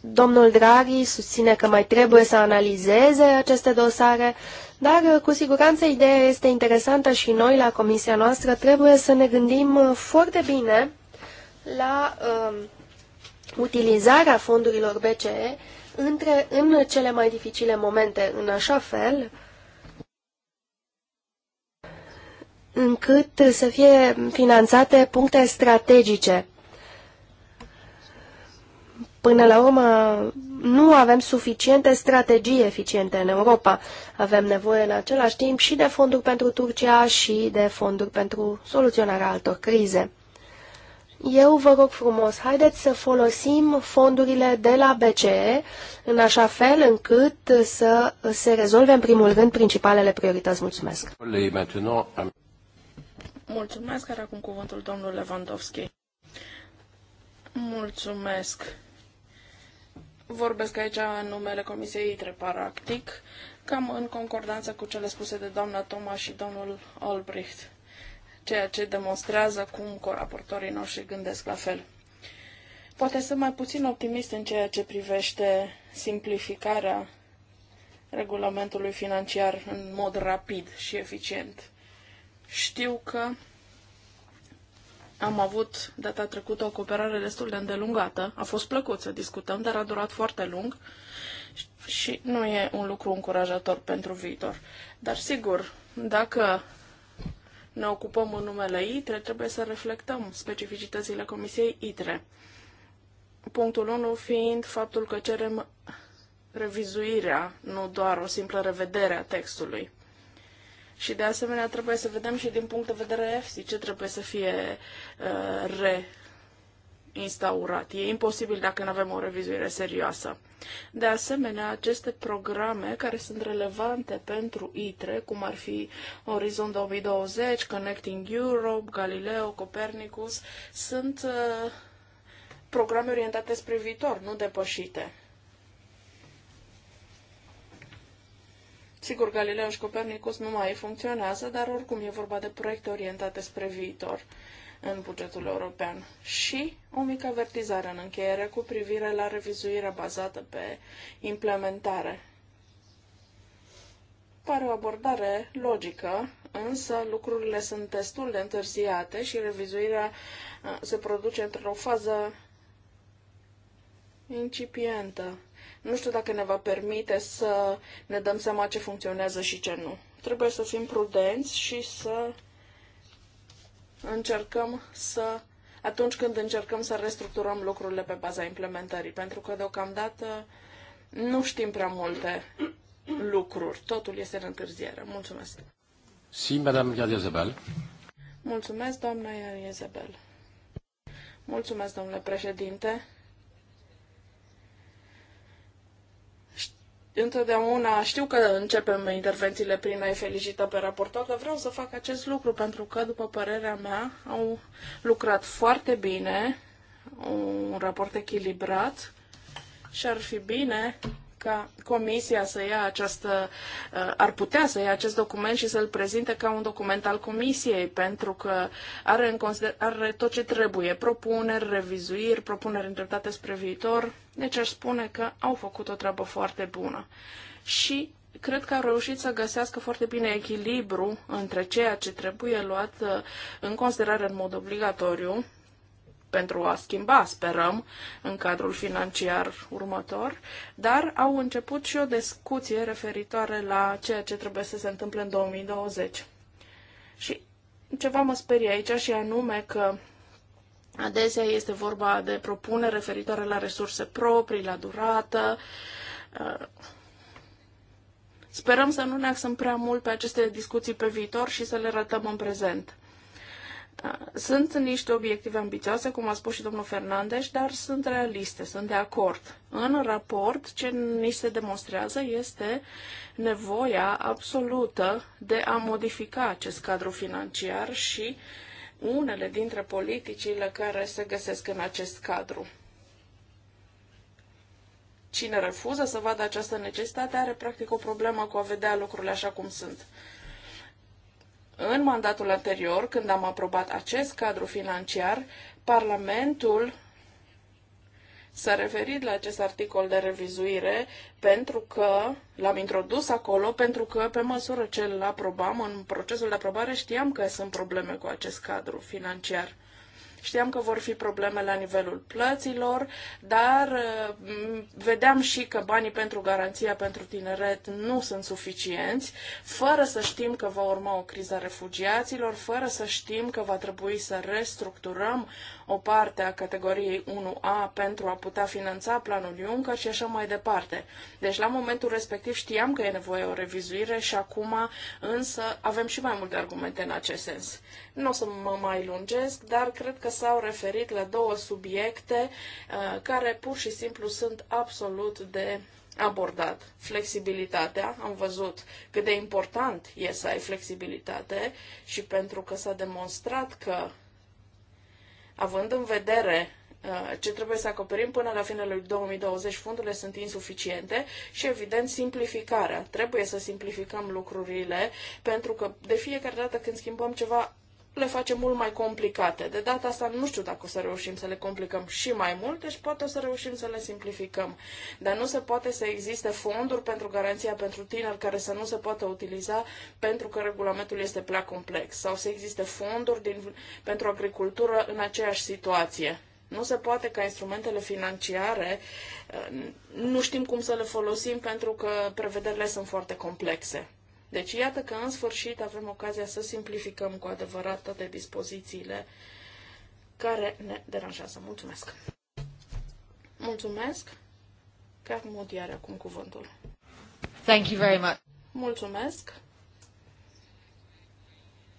Domnul Draghi susține că mai trebuie să analizeze aceste dosare, dar uh, cu siguranță ideea este interesantă și noi la comisia noastră trebuie să ne gândim uh, foarte bine la uh, utilizarea fondurilor BCE între, în cele mai dificile momente, în așa fel uh, încât să fie finanțate puncte strategice. Până la urmă, nu avem suficiente strategii eficiente în Europa. Avem nevoie în același timp și de fonduri pentru Turcia și de fonduri pentru soluționarea altor crize. Eu vă rog frumos, haideți să folosim fondurile de la BCE în așa fel încât să se rezolve în primul rând principalele priorități. Mulțumesc! Mulțumesc, are acum cuvântul domnul Lewandowski. Mulțumesc. Vorbesc aici în numele Comisiei ITRE, practic, cam în concordanță cu cele spuse de doamna Toma și domnul Albrecht, ceea ce demonstrează cum coraportorii noștri gândesc la fel. Poate sunt mai puțin optimist în ceea ce privește simplificarea regulamentului financiar în mod rapid și eficient. Știu că am avut data trecută o cooperare destul de îndelungată. A fost plăcut să discutăm, dar a durat foarte lung și nu e un lucru încurajator pentru viitor. Dar sigur, dacă ne ocupăm în numele ITRE, trebuie să reflectăm specificitățile Comisiei ITRE. Punctul 1 fiind faptul că cerem revizuirea, nu doar o simplă revedere a textului. Și de asemenea trebuie să vedem și din punct de vedere EFSI ce trebuie să fie uh, re instaurat. E imposibil dacă nu avem o revizuire serioasă. De asemenea, aceste programe care sunt relevante pentru ITRE, cum ar fi Horizon 2020, Connecting Europe, Galileo, Copernicus, sunt uh, programe orientate spre viitor, nu depășite. Sigur, Galileo și Copernicus nu mai funcționează, dar oricum e vorba de proiecte orientate spre viitor în bugetul european. Și o mică avertizare în încheiere cu privire la revizuirea bazată pe implementare. Pare o abordare logică, însă lucrurile sunt destul de întârziate și revizuirea uh, se produce într-o fază incipientă nu știu dacă ne va permite să ne dăm seama ce funcționează și ce nu. Trebuie să fim prudenți și să încercăm să atunci când încercăm să restructurăm lucrurile pe baza implementării, pentru că deocamdată nu știm prea multe lucruri. Totul este în întârziere. Mulțumesc. Si, Madame Gardiazabal. Mulțumesc, doamna Iezebel. Mulțumesc, domnule președinte. întotdeauna știu că începem intervențiile prin a-i felicită pe raportor, dar vreau să fac acest lucru pentru că, după părerea mea, au lucrat foarte bine, un raport echilibrat și ar fi bine ca Comisia să ia această, uh, ar putea să ia acest document și să-l prezinte ca un document al Comisiei, pentru că are, în consider, are tot ce trebuie, propuneri, revizuiri, propuneri îndreptate spre viitor, deci aș spune că au făcut o treabă foarte bună. Și cred că au reușit să găsească foarte bine echilibru între ceea ce trebuie luat uh, în considerare în mod obligatoriu, pentru a schimba, sperăm, în cadrul financiar următor, dar au început și o discuție referitoare la ceea ce trebuie să se întâmple în 2020. Și ceva mă sperie aici și anume că adesea este vorba de propuneri referitoare la resurse proprii, la durată, Sperăm să nu ne axăm prea mult pe aceste discuții pe viitor și să le ratăm în prezent. Da, sunt niște obiective ambițioase, cum a spus și domnul Fernandez, dar sunt realiste, sunt de acord. În raport, ce ni se demonstrează este nevoia absolută de a modifica acest cadru financiar și unele dintre politicile care se găsesc în acest cadru. Cine refuză să vadă această necesitate are practic o problemă cu a vedea lucrurile așa cum sunt. În mandatul anterior, când am aprobat acest cadru financiar, Parlamentul s-a referit la acest articol de revizuire pentru că l-am introdus acolo, pentru că pe măsură ce îl aprobam în procesul de aprobare știam că sunt probleme cu acest cadru financiar. Știam că vor fi probleme la nivelul plăților, dar uh, vedeam și că banii pentru garanția pentru tineret nu sunt suficienți, fără să știm că va urma o criză a refugiaților, fără să știm că va trebui să restructurăm o parte a categoriei 1A pentru a putea finanța planul Juncker și așa mai departe. Deci la momentul respectiv știam că e nevoie o revizuire și acum însă avem și mai multe argumente în acest sens. Nu o să mă mai lungesc, dar cred că s-au referit la două subiecte uh, care pur și simplu sunt absolut de abordat. Flexibilitatea, am văzut cât de important e să ai flexibilitate și pentru că s-a demonstrat că Având în vedere uh, ce trebuie să acoperim până la finele lui 2020, fondurile sunt insuficiente și, evident, simplificarea. Trebuie să simplificăm lucrurile, pentru că de fiecare dată când schimbăm ceva, le facem mult mai complicate. De data asta nu știu dacă o să reușim să le complicăm și mai mult, deci poate o să reușim să le simplificăm. Dar nu se poate să existe fonduri pentru garanția pentru tineri care să nu se poată utiliza pentru că regulamentul este prea complex. Sau să existe fonduri din, pentru agricultură în aceeași situație. Nu se poate ca instrumentele financiare, eh, nu știm cum să le folosim pentru că prevederile sunt foarte complexe. Deci iată că în sfârșit avem ocazia să simplificăm cu adevărat toate dispozițiile care ne deranjează. Mulțumesc! Mulțumesc! Chiar Modi are acum cuvântul. Thank you very much. Mulțumesc!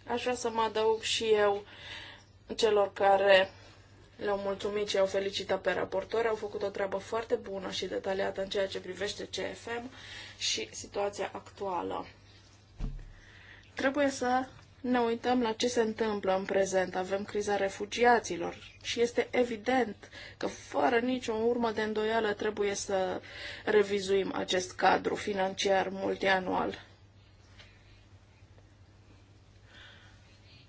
Aș vrea să mă adaug și eu celor care le-au mulțumit și au felicitat pe raportori, au făcut o treabă foarte bună și detaliată în ceea ce privește CFM și situația actuală. Trebuie să ne uităm la ce se întâmplă în prezent. Avem criza refugiaților și este evident că fără nicio urmă de îndoială trebuie să revizuim acest cadru financiar multianual.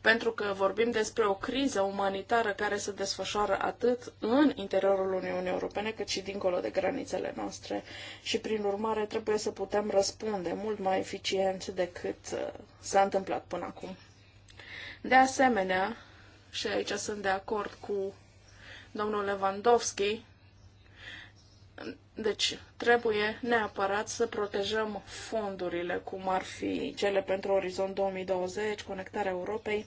pentru că vorbim despre o criză umanitară care se desfășoară atât în interiorul Uniunii Europene, cât și dincolo de granițele noastre și, prin urmare, trebuie să putem răspunde mult mai eficient decât uh, s-a întâmplat până acum. De asemenea, și aici sunt de acord cu domnul Lewandowski, deci trebuie neapărat să protejăm fondurile, cum ar fi cele pentru Orizont 2020, Conectarea Europei.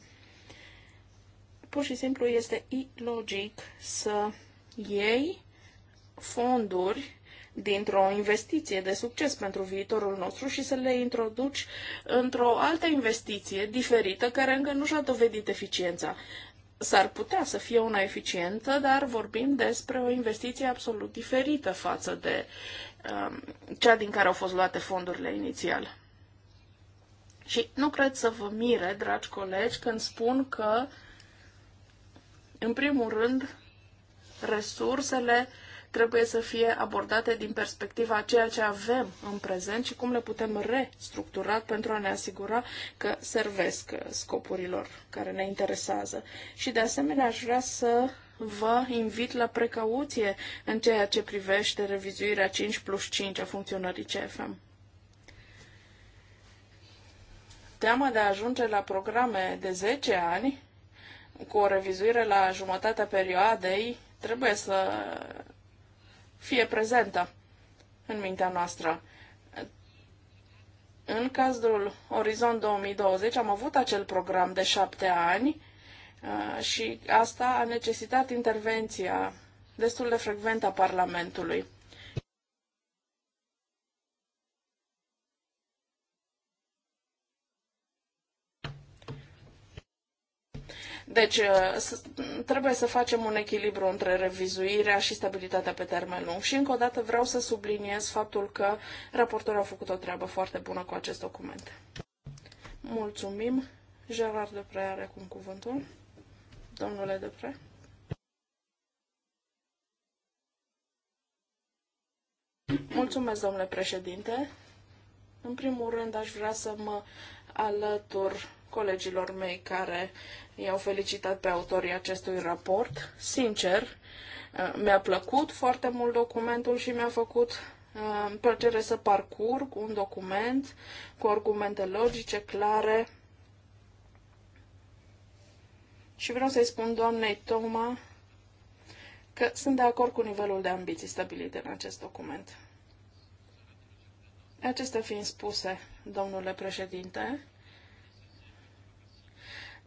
Pur și simplu este ilogic să iei fonduri dintr-o investiție de succes pentru viitorul nostru și să le introduci într-o altă investiție diferită care încă nu și-a dovedit eficiența s-ar putea să fie una eficientă, dar vorbim despre o investiție absolut diferită față de um, cea din care au fost luate fondurile inițial. Și nu cred să vă mire, dragi colegi, când spun că, în primul rând, resursele uh, trebuie să fie abordate din perspectiva a ceea ce avem în prezent și cum le putem restructura pentru a ne asigura că servesc scopurilor care ne interesează. Și de asemenea aș vrea să vă invit la precauție în ceea ce privește revizuirea 5 plus 5 a funcționării CFM. Teama de a ajunge la programe de 10 ani, cu o revizuire la jumătatea perioadei, trebuie să fie prezentă în mintea noastră. În cazul Orizont 2020 am avut acel program de șapte ani uh, și asta a necesitat intervenția destul de frecventă a Parlamentului. Deci, uh, trebuie să facem un echilibru între revizuirea și stabilitatea pe termen lung. Și, încă o dată, vreau să subliniez faptul că raportorul a făcut o treabă foarte bună cu acest document. Mulțumim. Gerard Depre are acum cuvântul. Domnule Depre. Mulțumesc, domnule președinte. În primul rând, aș vrea să mă alătur colegilor mei care I-au felicitat pe autorii acestui raport. Sincer, uh, mi-a plăcut foarte mult documentul și mi-a făcut uh, plăcere să parcurg un document cu argumente logice, clare. Și vreau să-i spun doamnei Toma că sunt de acord cu nivelul de ambiții stabilite în acest document. Acestea fiind spuse, domnule președinte,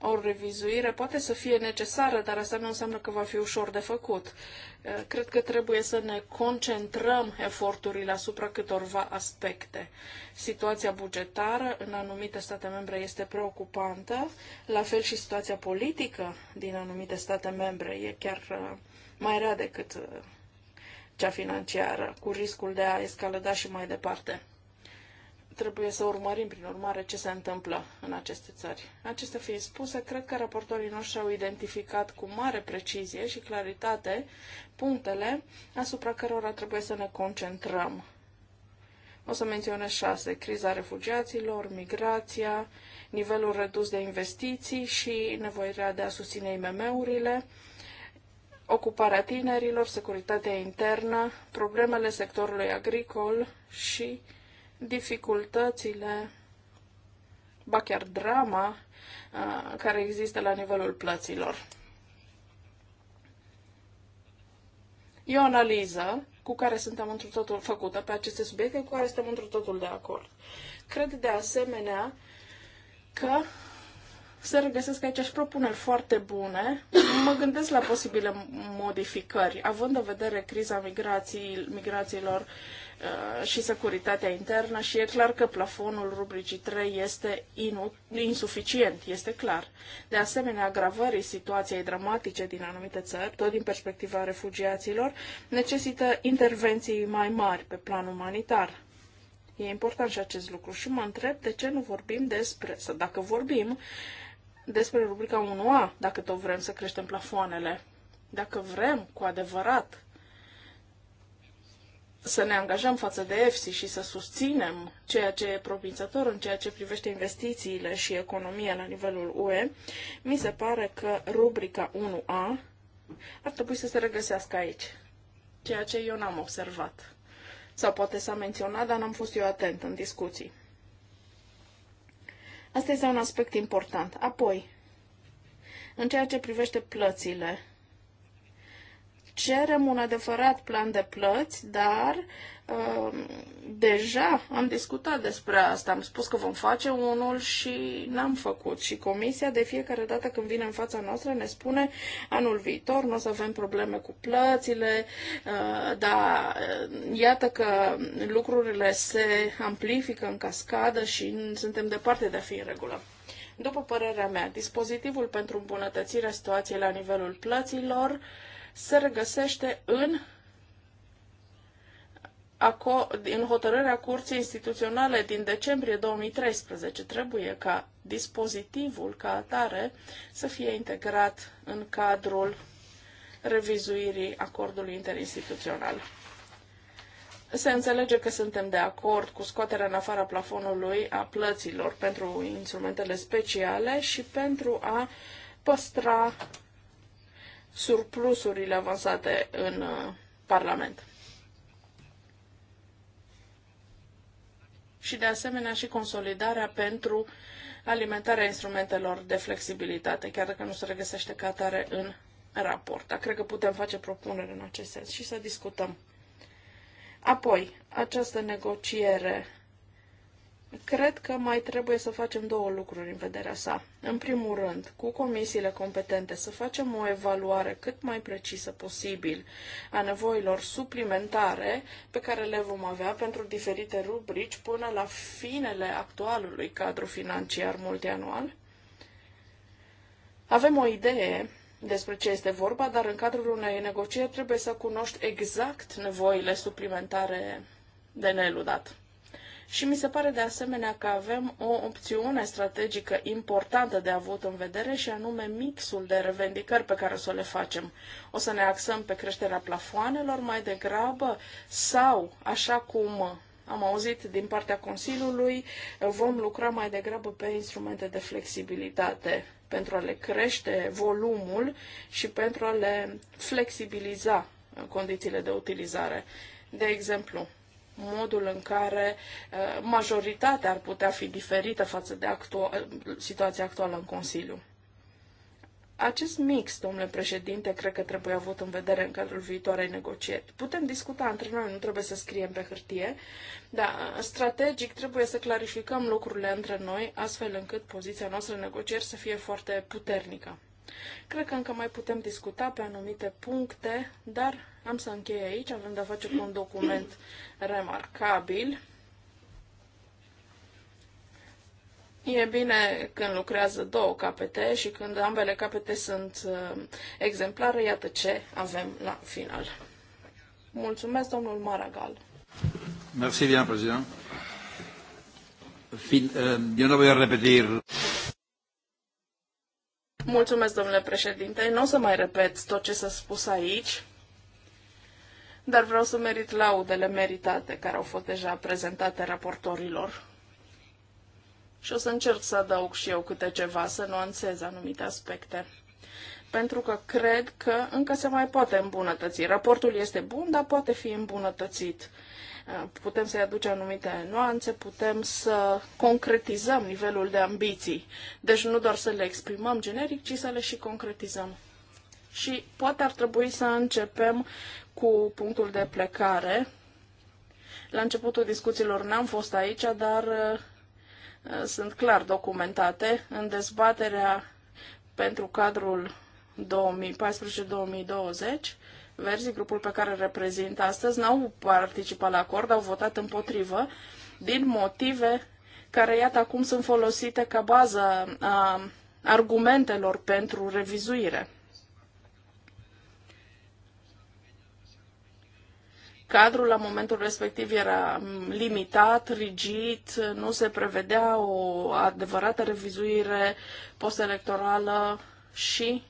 o revizuire poate să fie necesară, dar asta nu înseamnă că va fi ușor de făcut. Uh, cred că trebuie să ne concentrăm eforturile asupra câtorva aspecte. Situația bugetară în anumite state membre este preocupantă, la fel și situația politică din anumite state membre e chiar uh, mai rea decât uh, cea financiară, cu riscul de a escalada și mai departe. Trebuie să urmărim, prin urmare, ce se întâmplă în aceste țări. Acestea fiind spuse, cred că raportorii noștri au identificat cu mare precizie și claritate punctele asupra cărora trebuie să ne concentrăm. O să menționez șase. Criza refugiaților, migrația, nivelul redus de investiții și nevoirea de a susține IMM-urile, ocuparea tinerilor, securitatea internă, problemele sectorului agricol și dificultățile, ba chiar drama care există la nivelul plăților. E o analiză cu care suntem într totul făcută pe aceste subiecte, cu care suntem într totul de acord. Cred de asemenea că se regăsesc aici și propuneri foarte bune. Mă gândesc la posibile modificări, având în vedere criza migrații, migrațiilor, Uh, și securitatea internă și e clar că plafonul rubricii 3 este insuficient, este clar. De asemenea, agravării situației dramatice din anumite țări, tot din perspectiva refugiaților, necesită intervenții mai mari pe plan umanitar. E important și acest lucru și mă întreb de ce nu vorbim despre, sau dacă vorbim, despre rubrica 1A, dacă tot vrem să creștem plafoanele. Dacă vrem cu adevărat să ne angajăm față de EFSI și să susținem ceea ce e provințător în ceea ce privește investițiile și economia la nivelul UE, mi se pare că rubrica 1A ar trebui să se regăsească aici, ceea ce eu n-am observat. Sau poate s-a menționat, dar n-am fost eu atent în discuții. Asta este un aspect important. Apoi, în ceea ce privește plățile, cerem un adevărat plan de plăți, dar uh, deja am discutat despre asta. Am spus că vom face unul și n-am făcut. Și comisia de fiecare dată când vine în fața noastră ne spune anul viitor nu o să avem probleme cu plățile, uh, dar uh, iată că lucrurile se amplifică în cascadă și suntem departe de a fi în regulă. După părerea mea, dispozitivul pentru îmbunătățirea situației la nivelul plăților uh, se regăsește în în hotărârea Curții Instituționale din decembrie 2013 trebuie ca dispozitivul ca atare să fie integrat în cadrul revizuirii acordului interinstituțional. Se înțelege că suntem de acord cu scoaterea în afara plafonului a plăților pentru instrumentele speciale și pentru a păstra surplusurile avansate în uh, Parlament. Și de asemenea și consolidarea pentru alimentarea instrumentelor de flexibilitate, chiar dacă nu se regăsește ca atare în raport. Dar cred că putem face propunere în acest sens și să discutăm. Apoi, această negociere Cred că mai trebuie să facem două lucruri în vederea sa. În primul rând, cu comisiile competente să facem o evaluare cât mai precisă posibil a nevoilor suplimentare pe care le vom avea pentru diferite rubrici până la finele actualului cadru financiar multianual. Avem o idee despre ce este vorba, dar în cadrul unei negocieri trebuie să cunoști exact nevoile suplimentare de neludat. Și mi se pare de asemenea că avem o opțiune strategică importantă de avut în vedere și anume mixul de revendicări pe care o să le facem. O să ne axăm pe creșterea plafoanelor mai degrabă sau, așa cum am auzit din partea Consiliului, vom lucra mai degrabă pe instrumente de flexibilitate pentru a le crește volumul și pentru a le flexibiliza condițiile de utilizare. De exemplu, modul în care uh, majoritatea ar putea fi diferită față de actual, situația actuală în Consiliu. Acest mix, domnule președinte, cred că trebuie avut în vedere în cadrul viitoarei negocieri. Putem discuta între noi, nu trebuie să scriem pe hârtie, dar strategic trebuie să clarificăm lucrurile între noi, astfel încât poziția noastră în negocieri să fie foarte puternică. Cred că încă mai putem discuta pe anumite puncte, dar am să închei aici, avem de-a face cu un document remarcabil. E bine când lucrează două capete și când ambele capete sunt uh, exemplare, iată ce avem la final. Mulțumesc, domnul Maragal. Mersi, bien, președinte. eu uh, nu voi repeti. Mulțumesc, domnule președinte. Nu o să mai repet tot ce s-a spus aici dar vreau să merit laudele meritate care au fost deja prezentate raportorilor. Și o să încerc să adaug și eu câte ceva, să nuanțez anumite aspecte. Pentru că cred că încă se mai poate îmbunătăți. Raportul este bun, dar poate fi îmbunătățit. Uh, putem să-i aducem anumite nuanțe, putem să concretizăm nivelul de ambiții. Deci nu doar să le exprimăm generic, ci să le și concretizăm și poate ar trebui să începem cu punctul de plecare. La începutul discuțiilor n-am fost aici, dar uh, uh, sunt clar documentate în dezbaterea pentru cadrul 2014-2020. Verzi, grupul pe care îl reprezint astăzi, n-au participat la acord, au votat împotrivă din motive care, iată, acum sunt folosite ca bază a argumentelor pentru revizuire. Cadrul la momentul respectiv era limitat, rigid, nu se prevedea o adevărată revizuire postelectorală și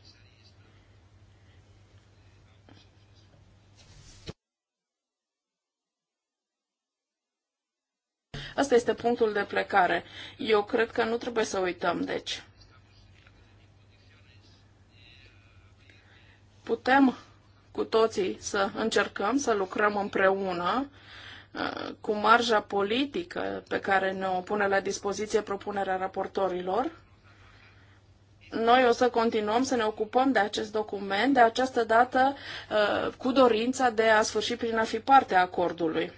Asta este punctul de plecare. Eu cred că nu trebuie să uităm, deci. Putem cu toții să încercăm să lucrăm împreună uh, cu marja politică pe care ne-o pune la dispoziție propunerea raportorilor. Noi o să continuăm să ne ocupăm de acest document, de această dată uh, cu dorința de a sfârși prin a fi parte a acordului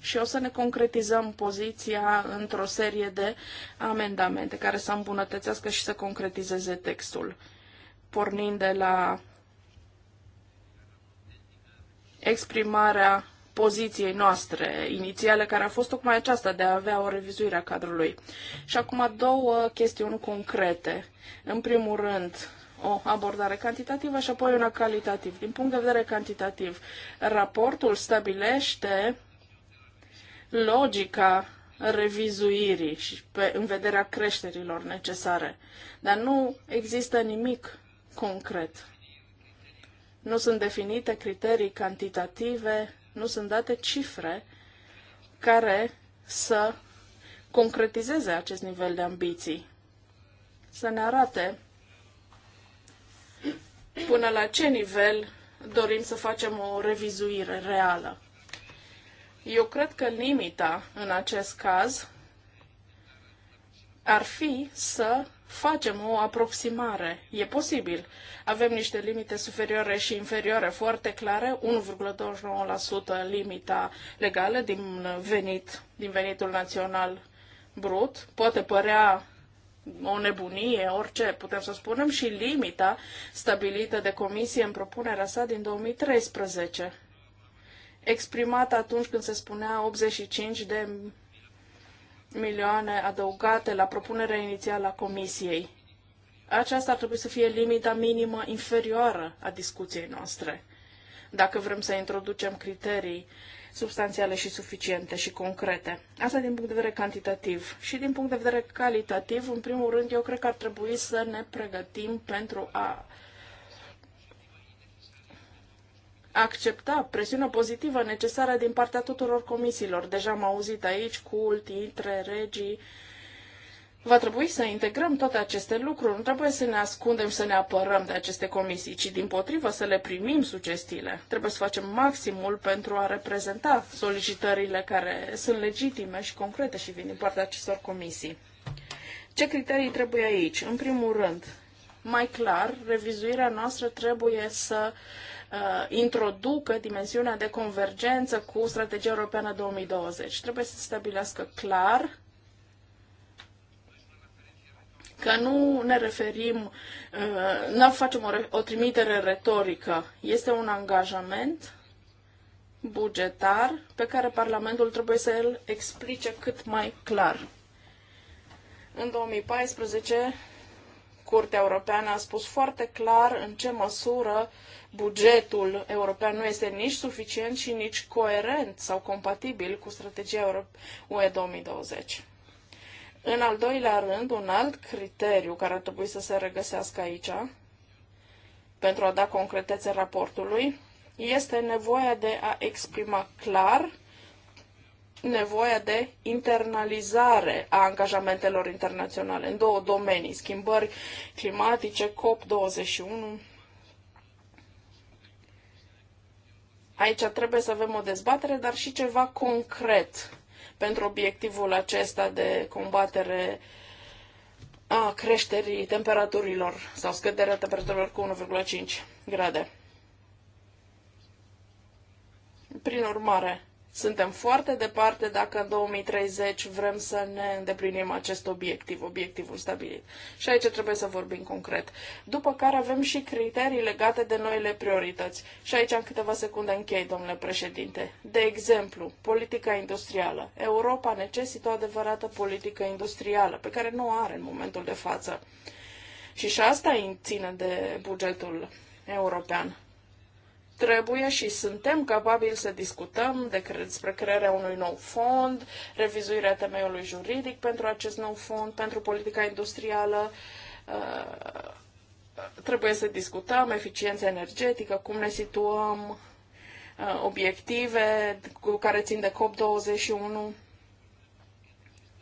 și o să ne concretizăm poziția într-o serie de amendamente care să îmbunătățească și să concretizeze textul, pornind de la exprimarea poziției noastre inițiale, care a fost tocmai aceasta de a avea o revizuire a cadrului. Și acum două chestiuni concrete. În primul rând, o abordare cantitativă și apoi una calitativ. Din punct de vedere cantitativ, raportul stabilește logica revizuirii și pe, în vederea creșterilor necesare, dar nu există nimic concret nu sunt definite criterii cantitative, nu sunt date cifre care să concretizeze acest nivel de ambiții, să ne arate până la ce nivel dorim să facem o revizuire reală. Eu cred că limita în acest caz ar fi să facem o aproximare. E posibil. Avem niște limite superioare și inferioare foarte clare, 1,29% limita legală din venit, din venitul național brut. Poate părea o nebunie, orice putem să spunem, și limita stabilită de comisie în propunerea sa din 2013, exprimat atunci când se spunea 85 de milioane adăugate la propunerea inițială a Comisiei. Aceasta ar trebui să fie limita minimă inferioară a discuției noastre, dacă vrem să introducem criterii substanțiale și suficiente și concrete. Asta din punct de vedere cantitativ. Și din punct de vedere calitativ, în primul rând, eu cred că ar trebui să ne pregătim pentru a accepta presiunea pozitivă necesară din partea tuturor comisiilor. Deja am auzit aici culti, între regii. Va trebui să integrăm toate aceste lucruri. Nu trebuie să ne ascundem și să ne apărăm de aceste comisii, ci din potrivă să le primim sugestiile. Trebuie să facem maximul pentru a reprezenta solicitările care sunt legitime și concrete și vin din partea acestor comisii. Ce criterii trebuie aici? În primul rând, mai clar, revizuirea noastră trebuie să uh, Uh, introducă dimensiunea de convergență cu strategia europeană 2020. Trebuie să stabilească clar că nu ne referim, uh, nu facem o, o trimitere retorică. Este un angajament bugetar pe care Parlamentul trebuie să îl explice cât mai clar. În 2014, Curtea Europeană a spus foarte clar în ce măsură bugetul european nu este nici suficient și nici coerent sau compatibil cu strategia UE 2020. În al doilea rând, un alt criteriu care ar trebui să se regăsească aici, pentru a da concretețe raportului, este nevoia de a exprima clar nevoia de internalizare a angajamentelor internaționale în două domenii, schimbări climatice, COP21 Aici trebuie să avem o dezbatere, dar și ceva concret pentru obiectivul acesta de combatere a creșterii temperaturilor sau scăderea temperaturilor cu 1,5 grade. Prin urmare, suntem foarte departe dacă în 2030 vrem să ne îndeplinim acest obiectiv, obiectivul stabilit. Și aici trebuie să vorbim concret. După care avem și criterii legate de noile priorități. Și aici în câteva secunde închei, domnule președinte. De exemplu, politica industrială. Europa necesită o adevărată politică industrială, pe care nu o are în momentul de față. Și și asta ține de bugetul european trebuie și suntem capabili să discutăm de cre- despre crearea unui nou fond, revizuirea temeiului juridic pentru acest nou fond, pentru politica industrială. Uh, trebuie să discutăm eficiența energetică, cum ne situăm, uh, obiective cu care țin de COP21.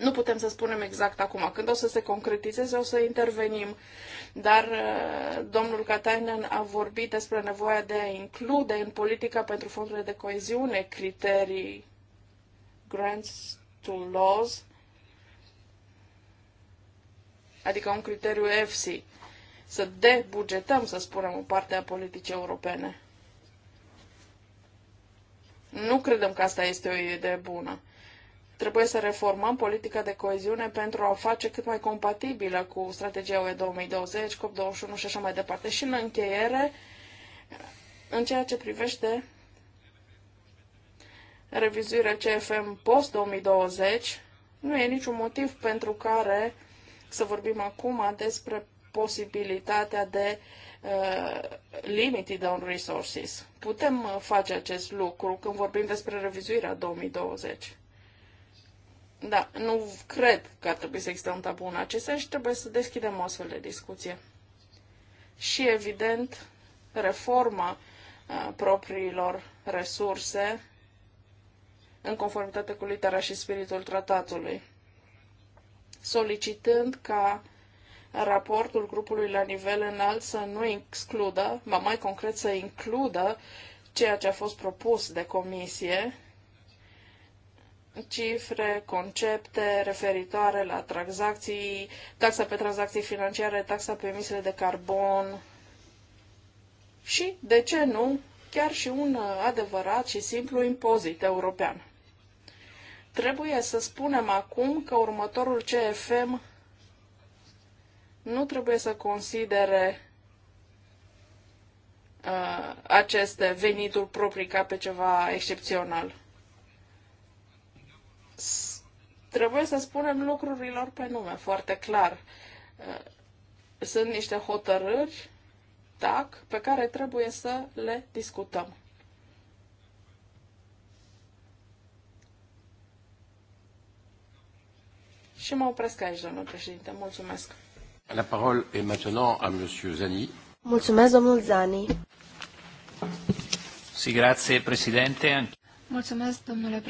Nu putem să spunem exact acum. Când o să se concretizeze, o să intervenim. Dar uh, domnul Katainen a vorbit despre nevoia de a include în politica pentru fondurile de coeziune criterii grants to laws, adică un criteriu EFSI, să debugetăm, să spunem, o parte a politicii europene. Nu credem că asta este o idee bună. Trebuie să reformăm politica de coeziune pentru a o face cât mai compatibilă cu strategia UE 2020, COP21 și așa mai departe. Și în încheiere, în ceea ce privește revizuirea CFM post-2020, nu e niciun motiv pentru care să vorbim acum despre posibilitatea de uh, limited on resources. Putem uh, face acest lucru când vorbim despre revizuirea 2020. Da, nu cred că ar trebui să existe un tabu în acest sens și trebuie să deschidem o astfel de discuție. Și, evident, reforma propriilor resurse în conformitate cu litera și spiritul tratatului, solicitând ca raportul grupului la nivel înalt să nu excludă, mai concret să includă ceea ce a fost propus de comisie cifre, concepte referitoare la tranzacții, taxa pe tranzacții financiare, taxa pe emisiile de carbon și, de ce nu, chiar și un adevărat și simplu impozit european. Trebuie să spunem acum că următorul CFM nu trebuie să considere uh, aceste venituri proprii ca pe ceva excepțional trebuie să spunem lucrurilor pe nume, foarte clar. Uh, sunt niște hotărâri, TAC, pe care trebuie să le discutăm. Și mă opresc aici, domnul președinte. Mulțumesc. La parole est maintenant à monsieur Zani. Mulțumesc, domnul Zani. Si, grazie, președinte. Mulțumesc, domnule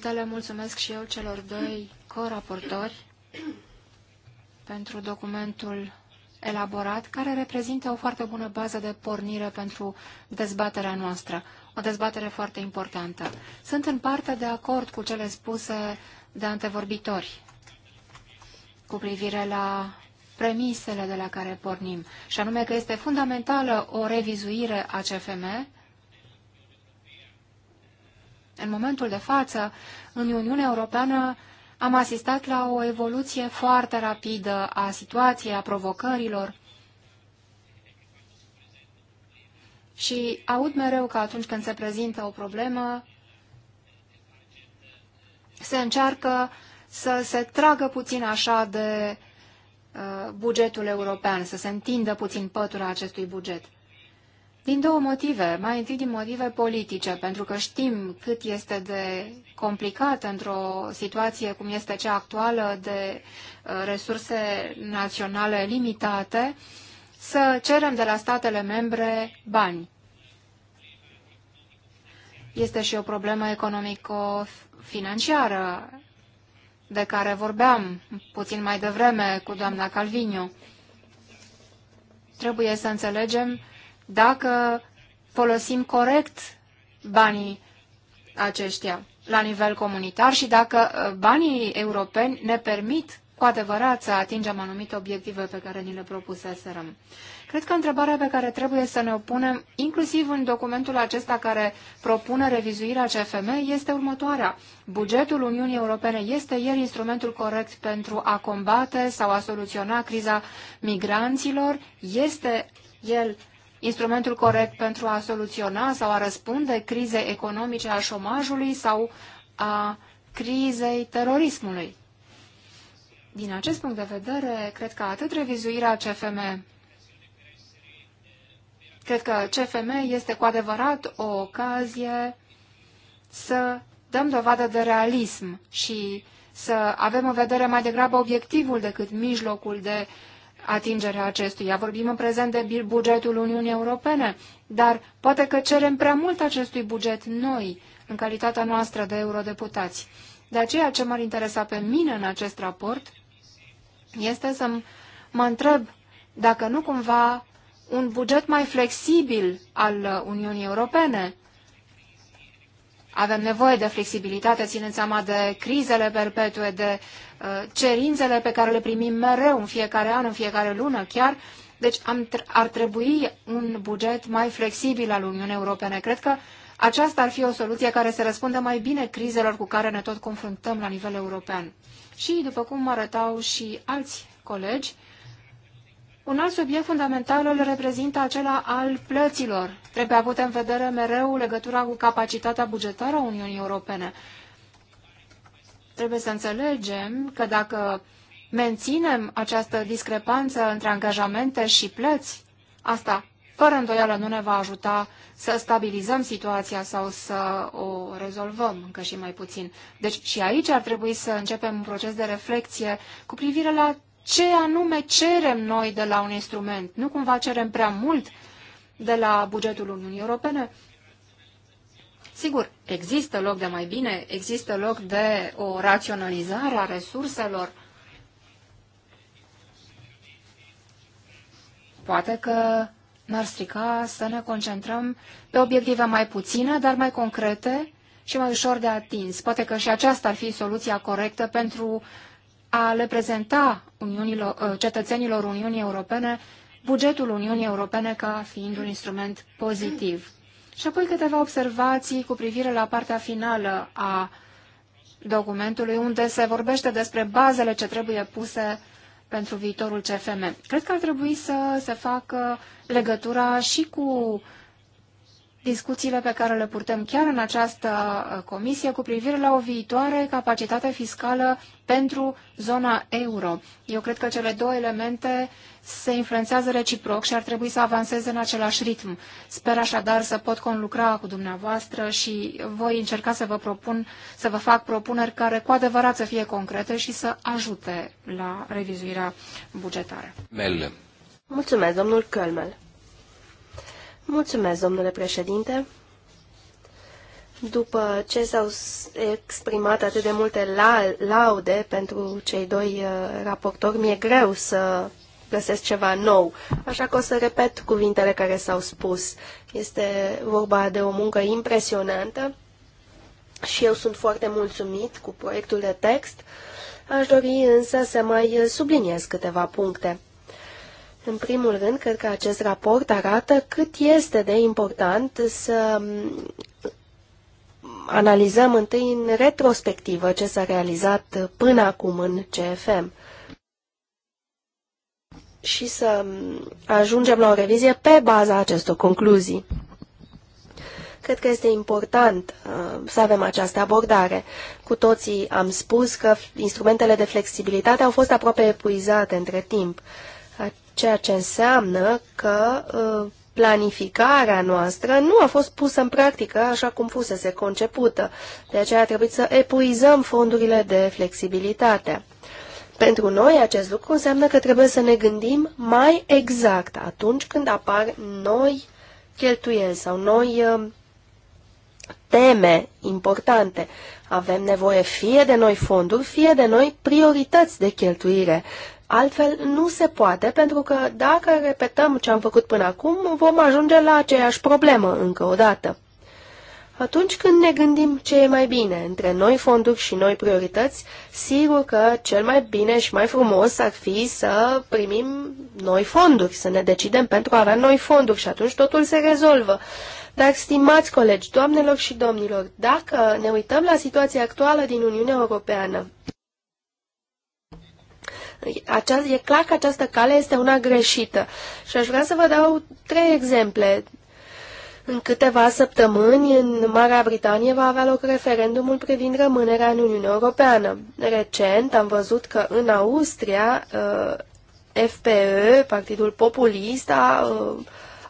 le mulțumesc și eu celor doi coraportori pentru documentul elaborat, care reprezintă o foarte bună bază de pornire pentru dezbaterea noastră, o dezbatere foarte importantă. Sunt în parte de acord cu cele spuse de antevorbitori cu privire la premisele de la care pornim, și anume că este fundamentală o revizuire a CFM, în momentul de față, în Uniunea Europeană, am asistat la o evoluție foarte rapidă a situației, a provocărilor și aud mereu că atunci când se prezintă o problemă, se încearcă să se tragă puțin așa de uh, bugetul european, să se întindă puțin pătura acestui buget. Din două motive. Mai întâi din motive politice, pentru că știm cât este de complicat într-o situație cum este cea actuală de uh, resurse naționale limitate să cerem de la statele membre bani. Este și o problemă economico-financiară de care vorbeam puțin mai devreme cu doamna Calvinio. Trebuie să înțelegem dacă folosim corect banii aceștia la nivel comunitar și dacă uh, banii europeni ne permit cu adevărat să atingem anumite obiective pe care ni le propuseserăm. Cred că întrebarea pe care trebuie să ne opunem, inclusiv în documentul acesta care propune revizuirea CFM, este următoarea. Bugetul Uniunii Europene este el instrumentul corect pentru a combate sau a soluționa criza migranților? Este el instrumentul corect pentru a soluționa sau a răspunde crize economice a șomajului sau a crizei terorismului. Din acest punct de vedere, cred că atât revizuirea CFM, cred că CFM este cu adevărat o ocazie să dăm dovadă de realism și să avem în vedere mai degrabă obiectivul decât mijlocul de uh, atingerea acestuia. Vorbim în prezent de bugetul Uniunii Europene, dar poate că cerem prea mult acestui buget noi, în calitatea noastră de eurodeputați. De aceea ce m-ar interesa pe mine în acest raport este să mă întreb dacă nu cumva un buget mai flexibil al Uniunii Europene avem nevoie de flexibilitate, ținând seama de crizele perpetue, de uh, cerințele pe care le primim mereu în fiecare an, în fiecare lună chiar. Deci am, ar trebui un buget mai flexibil al Uniunii Europene. Cred că aceasta ar fi o soluție care să răspundă mai bine crizelor cu care ne tot confruntăm la nivel european. Și, după cum arătau și alți colegi, un alt subiect fundamental îl reprezintă acela al plăților. Trebuie avut în vedere mereu legătura cu capacitatea bugetară a Uniunii Europene. Trebuie să înțelegem că dacă menținem această discrepanță între angajamente și plăți, asta fără îndoială nu ne va ajuta să stabilizăm situația sau să o rezolvăm încă și mai puțin. Deci și aici ar trebui să începem un proces de reflexie cu privire la ce anume cerem noi de la un instrument. Nu cumva cerem prea mult de la bugetul Uniunii Europene. Sigur, există loc de mai bine, există loc de o raționalizare a resurselor. Poate că n-ar strica să ne concentrăm pe obiective mai puține, dar mai concrete și mai ușor de atins. Poate că și aceasta ar fi soluția corectă pentru a le prezenta Uniunilor, uh, cetățenilor Uniunii Europene bugetul Uniunii Europene ca fiind un instrument pozitiv. Și apoi câteva observații cu privire la partea finală a documentului, unde se vorbește despre bazele ce trebuie puse pentru viitorul CFM. Cred că ar trebui să se facă legătura și cu discuțiile pe care le purtăm chiar în această uh, comisie cu privire la o viitoare capacitate fiscală pentru zona euro. Eu cred că cele două elemente se influențează reciproc și ar trebui să avanseze în același ritm. Sper așadar să pot conlucra cu dumneavoastră și voi încerca să vă propun, să vă fac propuneri care cu adevărat să fie concrete și să ajute la revizuirea bugetară. Mulțumesc, domnul Kölmel. Mulțumesc, domnule președinte. După ce s-au exprimat atât de multe laude pentru cei doi uh, raportori, mi-e greu să găsesc ceva nou, așa că o să repet cuvintele care s-au spus. Este vorba de o muncă impresionantă și eu sunt foarte mulțumit cu proiectul de text. Aș dori însă să mai subliniez câteva puncte. În primul rând, cred că acest raport arată cât este de important să mm, analizăm întâi în retrospectivă ce s-a realizat până acum în CFM și să mm, ajungem la o revizie pe baza acestor concluzii. Cred că este important uh, să avem această abordare. Cu toții am spus că instrumentele de flexibilitate au fost aproape epuizate între timp. Uh, ceea ce înseamnă că ă, planificarea noastră nu a fost pusă în practică așa cum fusese concepută. De aceea a trebuit să epuizăm fondurile de flexibilitate. Pentru noi acest lucru înseamnă că trebuie să ne gândim mai exact atunci când apar noi cheltuieli sau noi ă, teme importante. Avem nevoie fie de noi fonduri, fie de noi priorități de cheltuire. Altfel nu se poate, pentru că dacă repetăm ce am făcut până acum, vom ajunge la aceeași problemă încă o dată. Atunci când ne gândim ce e mai bine între noi fonduri și noi priorități, sigur că cel mai bine și mai frumos ar fi să primim noi fonduri, să ne decidem pentru a avea noi fonduri și atunci totul se rezolvă. Dar, stimați colegi, doamnelor și domnilor, dacă ne uităm la situația actuală din Uniunea Europeană, acea, e clar că această cale este una greșită. Și aș vrea să vă dau trei exemple. În câteva săptămâni, în Marea Britanie va avea loc referendumul privind rămânerea în Uniunea Europeană. Recent am văzut că în Austria uh, FPE, Partidul Populist, a, uh,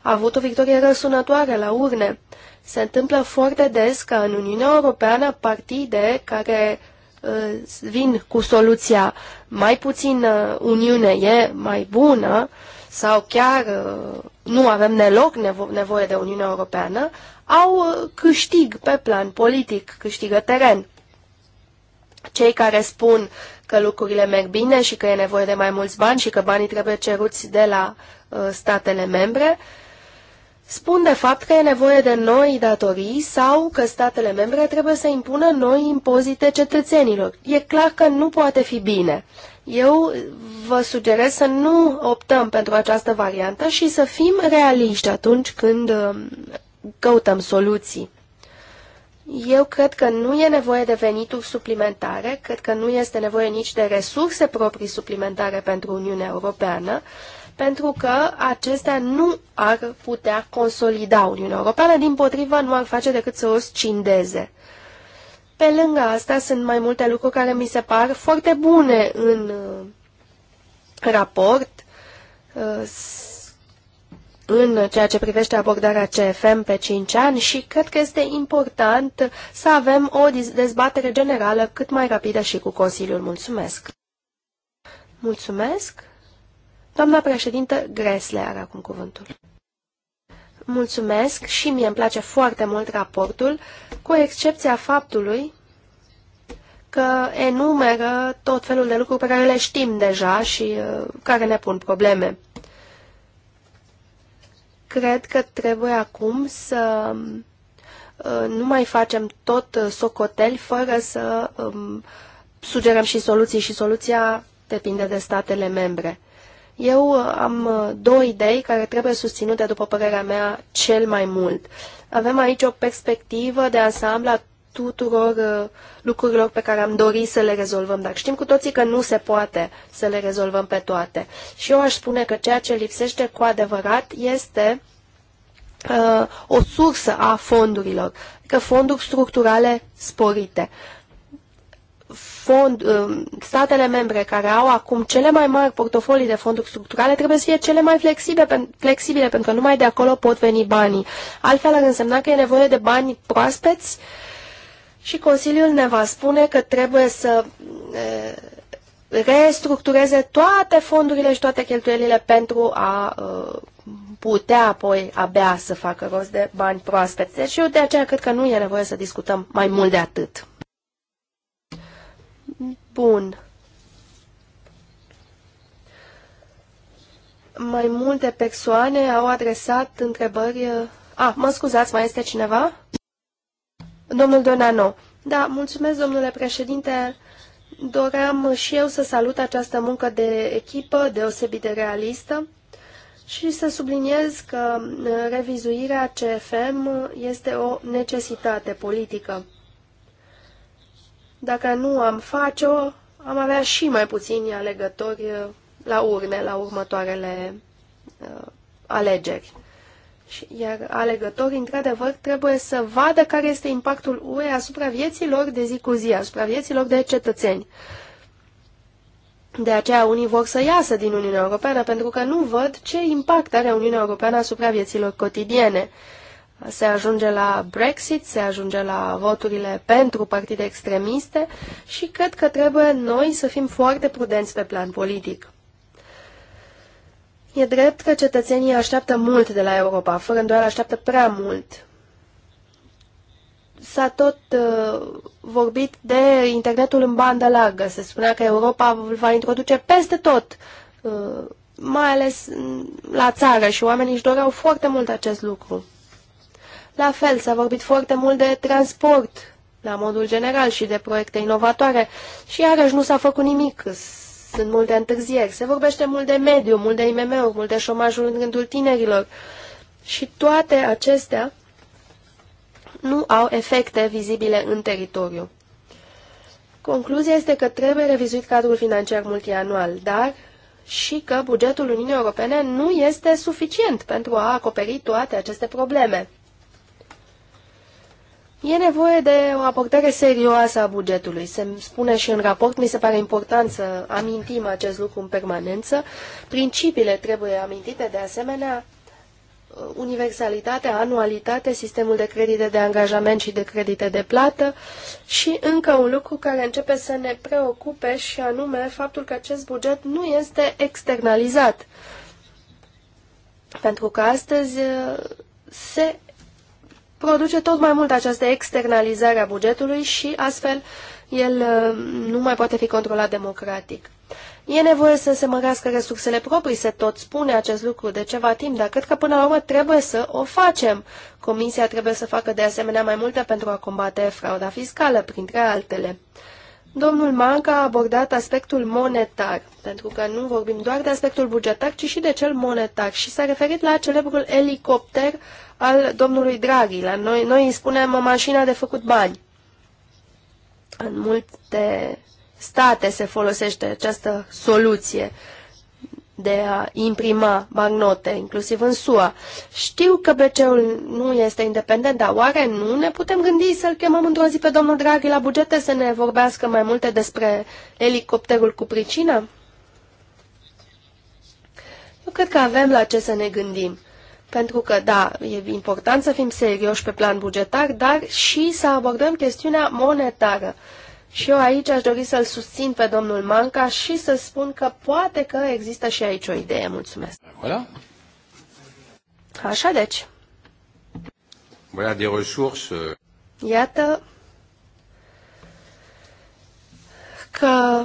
a avut o victorie răsunătoare la urne. Se întâmplă foarte des că în Uniunea Europeană partide care Uh, vin cu soluția mai puțin uh, Uniune e mai bună sau chiar uh, nu avem deloc nevo nevoie de Uniunea Europeană, au câștig pe plan politic, câștigă teren. Cei care spun că lucrurile merg bine și că e nevoie de mai mulți bani și că banii trebuie ceruți de la statele membre, uh, spun de fapt că e nevoie de noi datorii sau că statele membre trebuie să impună noi impozite cetățenilor. E clar că nu poate fi bine. Eu vă sugerez să nu optăm pentru această variantă și să fim realiști atunci când um, căutăm soluții. Eu cred că nu e nevoie de venituri suplimentare, cred că nu este nevoie nici de resurse proprii suplimentare pentru Uniunea Europeană, pentru că acestea nu ar putea consolida Uniunea Europeană, din potrivă nu ar face decât să o scindeze. Pe lângă asta sunt mai multe lucruri care mi se par foarte bune în uh, raport, uh, în ceea ce privește abordarea CFM pe 5 ani și cred că este important să avem o dezbatere generală cât mai rapidă și cu Consiliul. Mulțumesc! Mulțumesc! Doamna președintă Gresle are acum cuvântul. Mulțumesc și mie îmi place foarte mult raportul, cu excepția faptului că enumeră tot felul de lucruri pe care le știm deja și uh, care ne pun probleme. Cred că trebuie acum să uh, nu mai facem tot socoteli fără să um, sugerăm și soluții și soluția depinde de statele membre. Eu am uh, două idei care trebuie susținute, după părerea mea, cel mai mult. Avem aici o perspectivă de ansamblu a tuturor uh, lucrurilor pe care am dorit să le rezolvăm, dar știm cu toții că nu se poate să le rezolvăm pe toate. Și eu aș spune că ceea ce lipsește cu adevărat este uh, o sursă a fondurilor, că adică fonduri structurale sporite fond, uh, statele membre care au acum cele mai mari portofolii de fonduri structurale trebuie să fie cele mai flexibile, flexibile pentru că numai de acolo pot veni banii. Altfel ar însemna că e nevoie de bani proaspeți și Consiliul ne va spune că trebuie să uh, restructureze toate fondurile și toate cheltuielile pentru a uh, putea apoi abia să facă rost de bani proaspeți. Deci eu de aceea cred că nu e nevoie să discutăm mai mult de atât. Bun. Mai multe persoane au adresat întrebări... Ah, mă scuzați, mai este cineva? Domnul Donano. Da, mulțumesc, domnule președinte. Doream și eu să salut această muncă de echipă deosebit de realistă și să subliniez că revizuirea CFM este o necesitate politică. Dacă nu am face-o, am avea și mai puțini alegători uh, la urne, la următoarele uh, alegeri. Iar alegătorii, într-adevăr, trebuie să vadă care este impactul UE asupra vieții lor de zi cu zi, asupra vieții lor de cetățeni. De aceea unii vor să iasă din Uniunea Europeană pentru că nu văd ce impact are Uniunea Europeană asupra vieților cotidiene se ajunge la Brexit, se ajunge la voturile pentru partide extremiste și cred că trebuie noi să fim foarte prudenți pe plan politic. E drept că cetățenii așteaptă mult de la Europa, fără îndoială așteaptă prea mult. S-a tot uh, vorbit de internetul în bandă largă. Se spunea că Europa îl va introduce peste tot, uh, mai ales la țară și oamenii își doreau foarte mult acest lucru. La fel, s-a vorbit foarte mult de transport, la modul general, și de proiecte inovatoare și iarăși nu s-a făcut nimic. Sunt multe întârzieri. Se vorbește mult de mediu, mult de IMM-uri, mult de șomajul în rândul tinerilor. Și toate acestea nu au efecte vizibile în teritoriu. Concluzia este că trebuie revizuit cadrul financiar multianual, dar și că bugetul Uniunii Europene nu este suficient pentru a acoperi toate aceste probleme. E nevoie de o aportare serioasă a bugetului. Se spune și în raport, mi se pare important să amintim acest lucru în permanență. Principiile trebuie amintite de asemenea, universalitate, anualitate, sistemul de credite de angajament și de credite de plată și încă un lucru care începe să ne preocupe și anume faptul că acest buget nu este externalizat. Pentru că astăzi se produce tot mai mult această externalizare a bugetului și astfel el uh, nu mai poate fi controlat democratic. E nevoie să se mărească resursele proprii, se tot spune acest lucru de ceva timp, dar cred că până la urmă trebuie să o facem. Comisia trebuie să facă de asemenea mai multe pentru a combate frauda fiscală, printre altele. Domnul Manca a abordat aspectul monetar, pentru că nu vorbim doar de aspectul bugetar, ci și de cel monetar și s-a referit la celebrul elicopter al domnului Draghi. La noi, noi îi spunem o mașină de făcut bani. În multe state se folosește această soluție de a imprima bagnote, inclusiv în SUA. Știu că bc ul nu este independent, dar oare nu ne putem gândi să-l chemăm într-o zi pe domnul Draghi la bugete să ne vorbească mai multe despre elicopterul cu pricină? Eu cred că avem la ce să ne gândim. Pentru că, da, e important să fim serioși pe plan bugetar, dar și să abordăm chestiunea monetară. Uh, și eu aici aș dori să-l susțin pe domnul Manca și să spun că poate că există și aici o idee. Mulțumesc. Voilà. Așa deci. Voilà des ressources. Euh, Iată că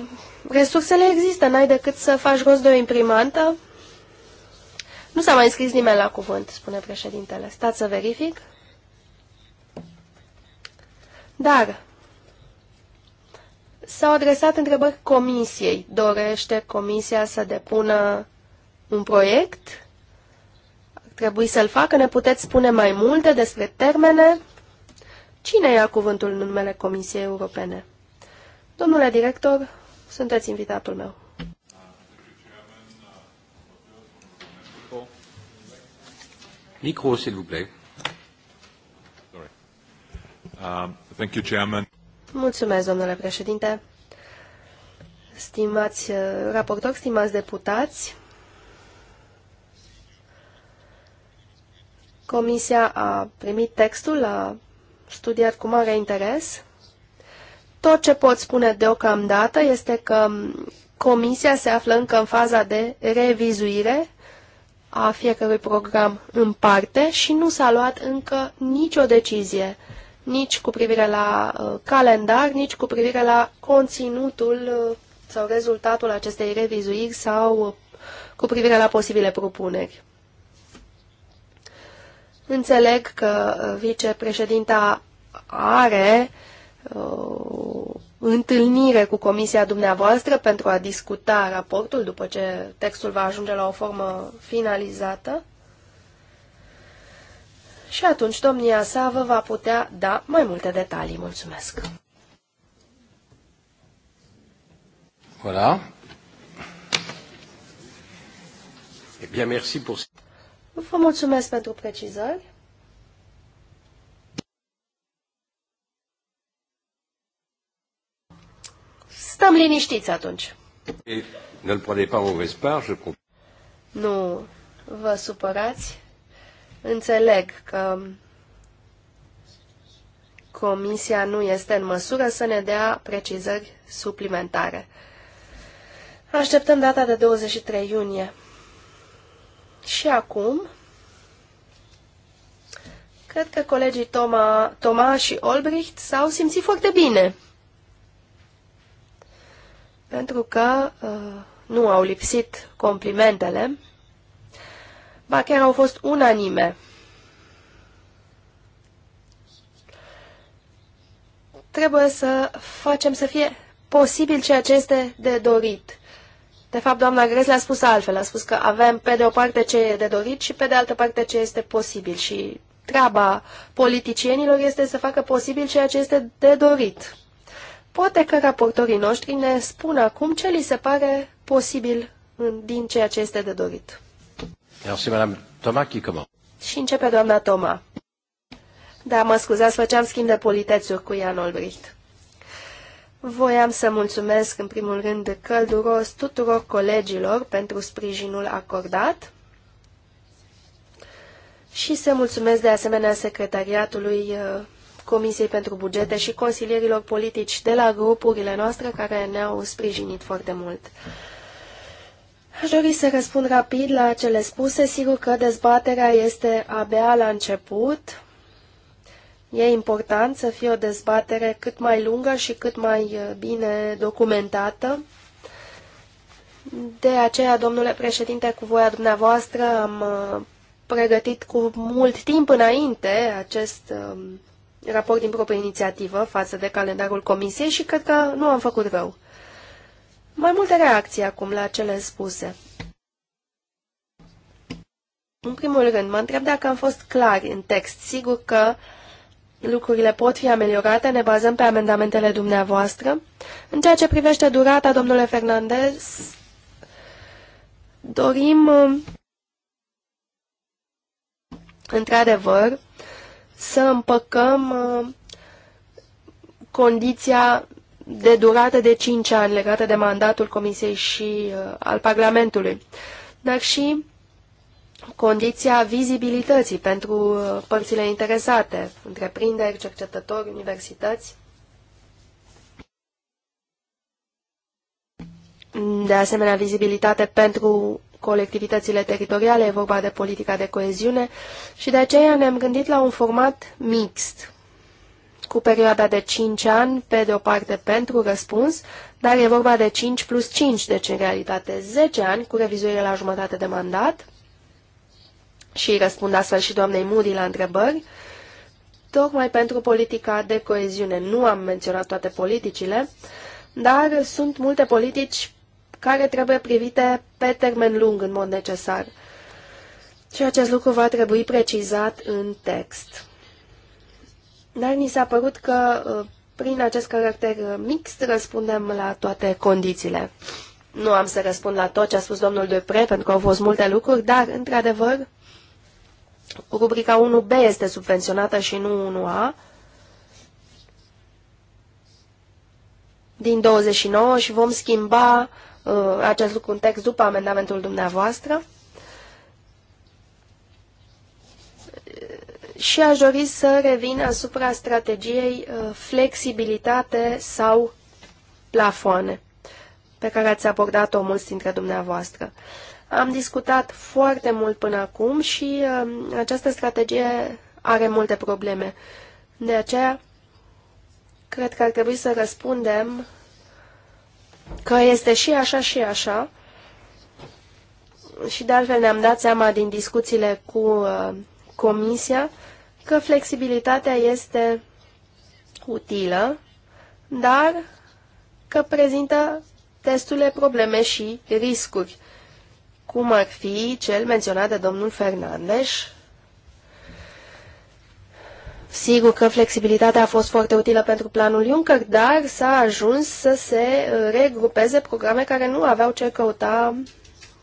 resursele există, n-ai decât să faci rost de o imprimantă. Nu s-a mai înscris nimeni la cuvânt, spune președintele. Stați să verific. Dar S-au adresat întrebări comisiei. Dorește comisia să depună un proiect? Ar trebui să-l facă? Ne puteți spune mai multe despre termene? Cine ia cuvântul în numele Comisiei Europene? Domnule director, sunteți invitatul meu. Micro, s'il vous plaît. Sorry. Uh, thank you, Chairman. Mulțumesc, domnule președinte. Stimați uh, raportori, stimați deputați, Comisia a primit textul, a studiat cu mare interes. Tot ce pot spune deocamdată este că Comisia se află încă în faza de revizuire a fiecărui program în parte și nu s-a luat încă nicio decizie nici cu privire la uh, calendar, nici cu privire la conținutul uh, sau rezultatul acestei revizuiri sau uh, cu privire la posibile propuneri. Înțeleg că vicepreședinta are uh, întâlnire cu comisia dumneavoastră pentru a discuta raportul după ce textul va ajunge la o formă finalizată și atunci domnia sa vă va putea da mai multe detalii. Mulțumesc! Voilà. Et eh bien, merci pour... Vă mulțumesc pentru precizări. Stăm liniștiți atunci. Et, ne le prenez pas mauvaise je... Nu vă supărați. Înțeleg că Comisia nu este în măsură să ne dea precizări suplimentare. Așteptăm data de 23 iunie. Și acum, cred că colegii Toma, Toma și Olbricht s-au simțit foarte bine. Pentru că uh, nu au lipsit complimentele ba chiar au fost unanime. Trebuie să facem să fie posibil ceea ce este de dorit. De fapt, doamna le a spus altfel, a spus că avem pe de o parte ce e de dorit și pe de altă parte ce este posibil și treaba politicienilor este să facă posibil ceea ce este de dorit. Poate că raportorii noștri ne spun acum ce li se pare posibil din ceea ce este de dorit. Merci, Madame Thomas, qui commence. Și începe doamna Toma. Da, mă scuzați, făceam schimb de politețuri cu Ian Olbricht. Voiam să mulțumesc în primul rând călduros tuturor colegilor pentru sprijinul acordat și să mulțumesc de asemenea secretariatului uh, Comisiei pentru Bugete și consilierilor politici de la grupurile noastre care ne-au sprijinit foarte mult. Aș dori să răspund rapid la cele spuse. Sigur că dezbaterea este abia la început. E important să fie o dezbatere cât mai lungă și cât mai uh, bine documentată. De aceea, domnule președinte, cu voia dumneavoastră am uh, pregătit cu mult timp înainte acest um, raport din proprie inițiativă față de calendarul comisiei și cred că nu am făcut rău. Mai multe reacții acum la cele spuse. În primul rând, mă întreb dacă am fost clar în text. Sigur că lucrurile pot fi ameliorate, ne bazăm pe amendamentele dumneavoastră. În ceea ce privește durata, domnule Fernandez, dorim, într-adevăr, să împăcăm uh, condiția de durată de 5 ani legată de mandatul Comisiei și uh, al Parlamentului, dar și condiția vizibilității pentru uh, părțile interesate, întreprinderi, cercetători, universități. De asemenea, vizibilitate pentru colectivitățile teritoriale, e vorba de politica de coeziune și de aceea ne-am gândit la un format mixt cu perioada de 5 ani, pe de o parte pentru răspuns, dar e vorba de 5 plus 5, deci în realitate 10 ani cu revizuire la jumătate de mandat și răspund astfel și doamnei Moody la întrebări. Tocmai pentru politica de coeziune nu am menționat toate politicile, dar sunt multe politici care trebuie privite pe termen lung în mod necesar. Și acest lucru va trebui precizat în text. Dar ni s-a părut că uh, prin acest caracter uh, mixt răspundem la toate condițiile. Nu am să răspund la tot ce a spus domnul Dupre, pentru că au fost multe lucruri, dar, într-adevăr, rubrica 1B este subvenționată și nu 1A. Din 29 și vom schimba uh, acest lucru în text după amendamentul dumneavoastră. și aș dori să revin asupra strategiei uh, flexibilitate sau plafoane, pe care ați abordat-o mulți dintre dumneavoastră. Am discutat foarte mult până acum și um, această strategie are multe probleme. De aceea, cred că ar trebui să răspundem că este și așa și așa. Și de altfel ne-am dat seama din discuțiile cu uh, Comisia că flexibilitatea este utilă, dar că prezintă destule probleme și riscuri, cum ar fi cel menționat de domnul Fernandes. Sigur că flexibilitatea a fost foarte utilă pentru planul Juncker, dar s-a ajuns să se regrupeze programe care nu aveau ce căuta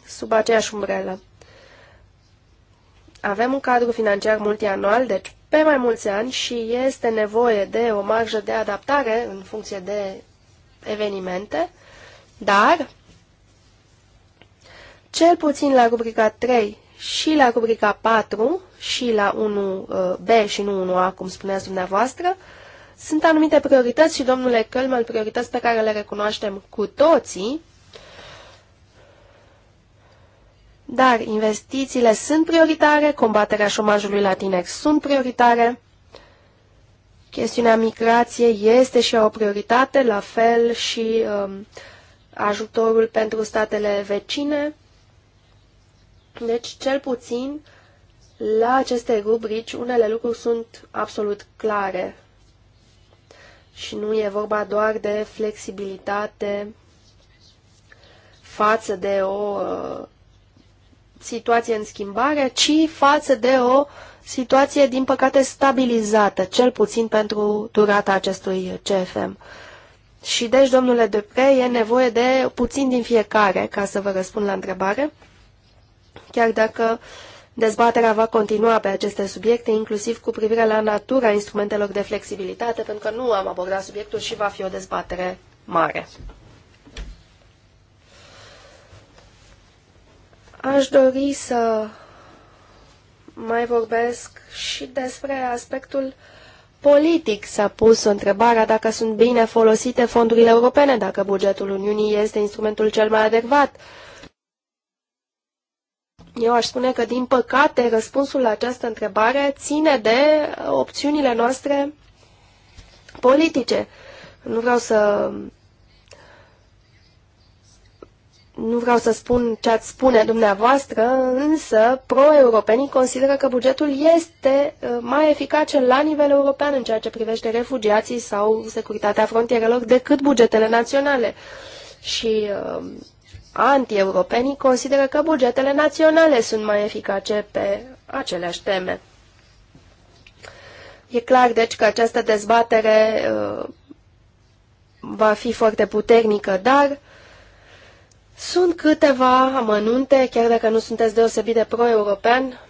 sub aceeași umbrelă. Avem un cadru financiar multianual, deci pe mai mulți ani și este nevoie de o marjă de adaptare în funcție de evenimente, dar cel puțin la rubrica 3 și la rubrica 4 și la 1B uh, și nu 1A, cum spuneați dumneavoastră, sunt anumite priorități și, domnule Călmel, priorități pe care le recunoaștem cu toții Dar investițiile sunt prioritare, combaterea șomajului la tineri sunt prioritare, chestiunea migrației este și o prioritate, la fel și um, ajutorul pentru statele vecine. Deci, cel puțin, la aceste rubrici, unele lucruri sunt absolut clare și nu e vorba doar de flexibilitate față de o uh, situație în schimbare, ci față de o situație, din păcate, stabilizată, cel puțin pentru durata acestui CFM. Și deci, domnule Depre, e nevoie de puțin din fiecare ca să vă răspund la întrebare, chiar dacă dezbaterea va continua pe aceste subiecte, inclusiv cu privire la natura instrumentelor de flexibilitate, pentru că nu am abordat subiectul și va fi o dezbatere mare. Aș dori să mai vorbesc și despre aspectul politic. S-a pus întrebarea dacă sunt bine folosite fondurile europene, dacă bugetul Uniunii este instrumentul cel mai adecvat. Eu aș spune că, din păcate, răspunsul la această întrebare ține de opțiunile noastre politice. Nu vreau să nu vreau să spun ce ați spune dumneavoastră, însă pro-europenii consideră că bugetul este uh, mai eficace la nivel european în ceea ce privește refugiații sau securitatea frontierelor decât bugetele naționale. Și uh, anti-europenii consideră că bugetele naționale sunt mai eficace pe aceleași teme. E clar, deci, că această dezbatere uh, va fi foarte puternică, dar sunt câteva amănunte, chiar dacă nu sunteți deosebit de pro-european,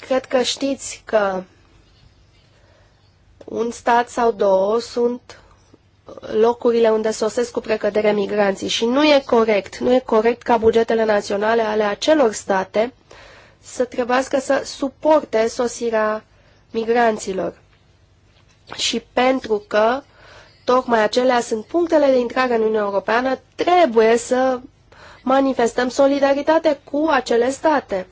cred că știți că un stat sau două sunt locurile unde sosesc cu precădere migranții și nu e corect, nu e corect ca bugetele naționale ale acelor state să trebuiască să suporte sosirea migranților. Și pentru că tocmai acelea sunt punctele de intrare în Uniunea Europeană, trebuie să manifestăm solidaritate cu acele state.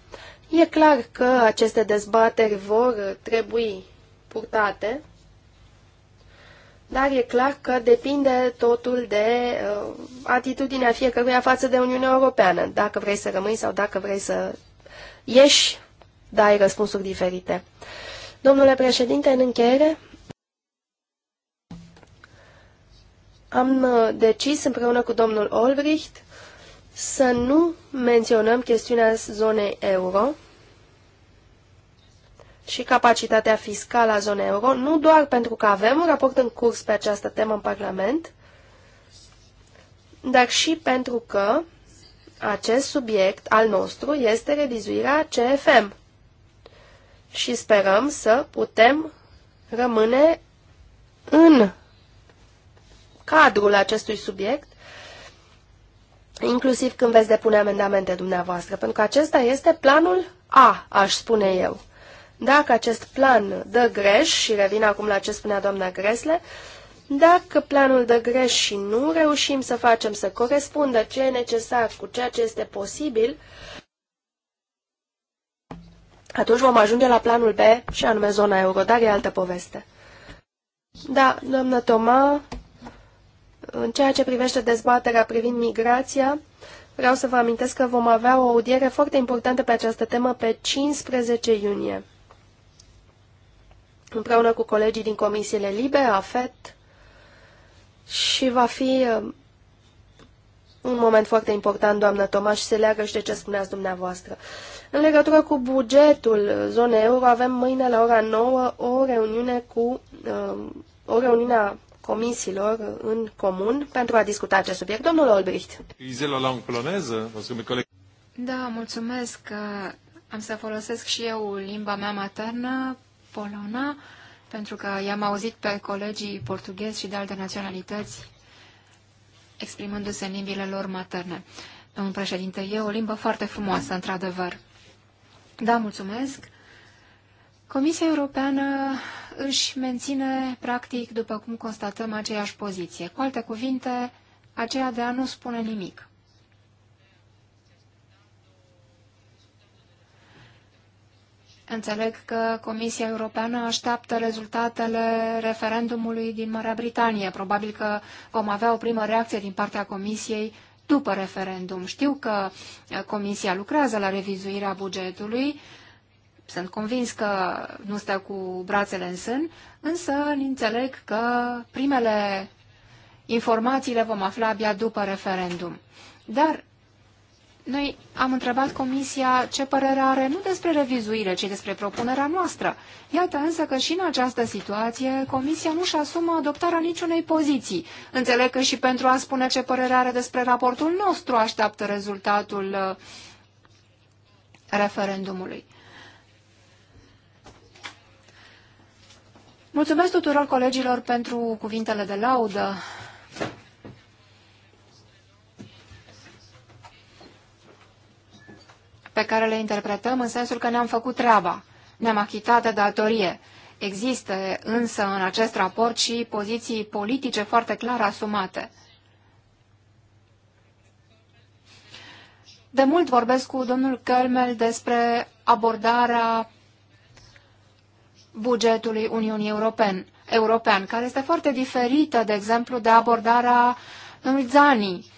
E clar că aceste dezbateri vor trebui purtate, dar e clar că depinde totul de uh, atitudinea fiecăruia față de Uniunea Europeană, dacă vrei să rămâi sau dacă vrei să ieși, dai răspunsuri diferite. Domnule președinte, în încheiere, am uh, decis împreună cu domnul Olbricht să nu menționăm chestiunea zonei euro și capacitatea fiscală a zonei euro, nu doar pentru că avem un raport în curs pe această temă în Parlament, dar și pentru că acest subiect al nostru este revizuirea CFM și sperăm să putem rămâne în cadrul acestui subiect inclusiv când veți depune amendamente dumneavoastră, pentru că acesta este planul A, aș spune eu. Dacă acest plan dă greș, și revin acum la ce spunea doamna Gresle, dacă planul dă greș și nu reușim să facem să corespundă ce e necesar cu ceea ce este posibil, atunci vom ajunge la planul B și anume zona euro, dar e altă poveste. Da, doamnă Toma, în ceea ce privește dezbaterea privind migrația, vreau să vă amintesc că vom avea o audiere foarte importantă pe această temă pe 15 iunie, împreună cu colegii din comisiile LIBE, AFET și va fi um, un moment foarte important, doamnă Tomaș, se leagă și de ce spuneați dumneavoastră. În legătură cu bugetul zonei euro, avem mâine la ora 9 o reuniune cu um, o reuniune a comisiilor în comun pentru a discuta acest subiect. Domnul Olbricht. Da, mulțumesc. că Am să folosesc și eu limba mea maternă, polona, pentru că i-am auzit pe colegii portughezi și de alte naționalități exprimându-se în limbile lor materne. Domnul președinte, e o limbă foarte frumoasă, într-adevăr. Da, mulțumesc. Comisia Europeană își menține, practic, după cum constatăm, aceeași poziție. Cu alte cuvinte, aceea de a nu spune nimic. Înțeleg că Comisia Europeană așteaptă rezultatele referendumului din Marea Britanie. Probabil că vom avea o primă reacție din partea Comisiei după referendum. Știu că Comisia lucrează la revizuirea bugetului, sunt convins că nu stă cu brațele în sân, însă înțeleg că primele informații le vom afla abia după referendum. Dar noi am întrebat Comisia ce părere are nu despre revizuire, ci despre propunerea noastră. Iată însă că și în această situație Comisia nu-și asumă adoptarea niciunei poziții. Înțeleg că și pentru a spune ce părere are despre raportul nostru așteaptă rezultatul uh, referendumului. Mulțumesc tuturor colegilor pentru cuvintele de laudă. pe care le interpretăm în sensul că ne-am făcut treaba, ne-am achitat de datorie. Există însă în acest raport și poziții politice foarte clar asumate. De mult vorbesc cu domnul Kermel despre abordarea bugetului Uniunii Europene, European, care este foarte diferită, de exemplu, de abordarea domnului Zani.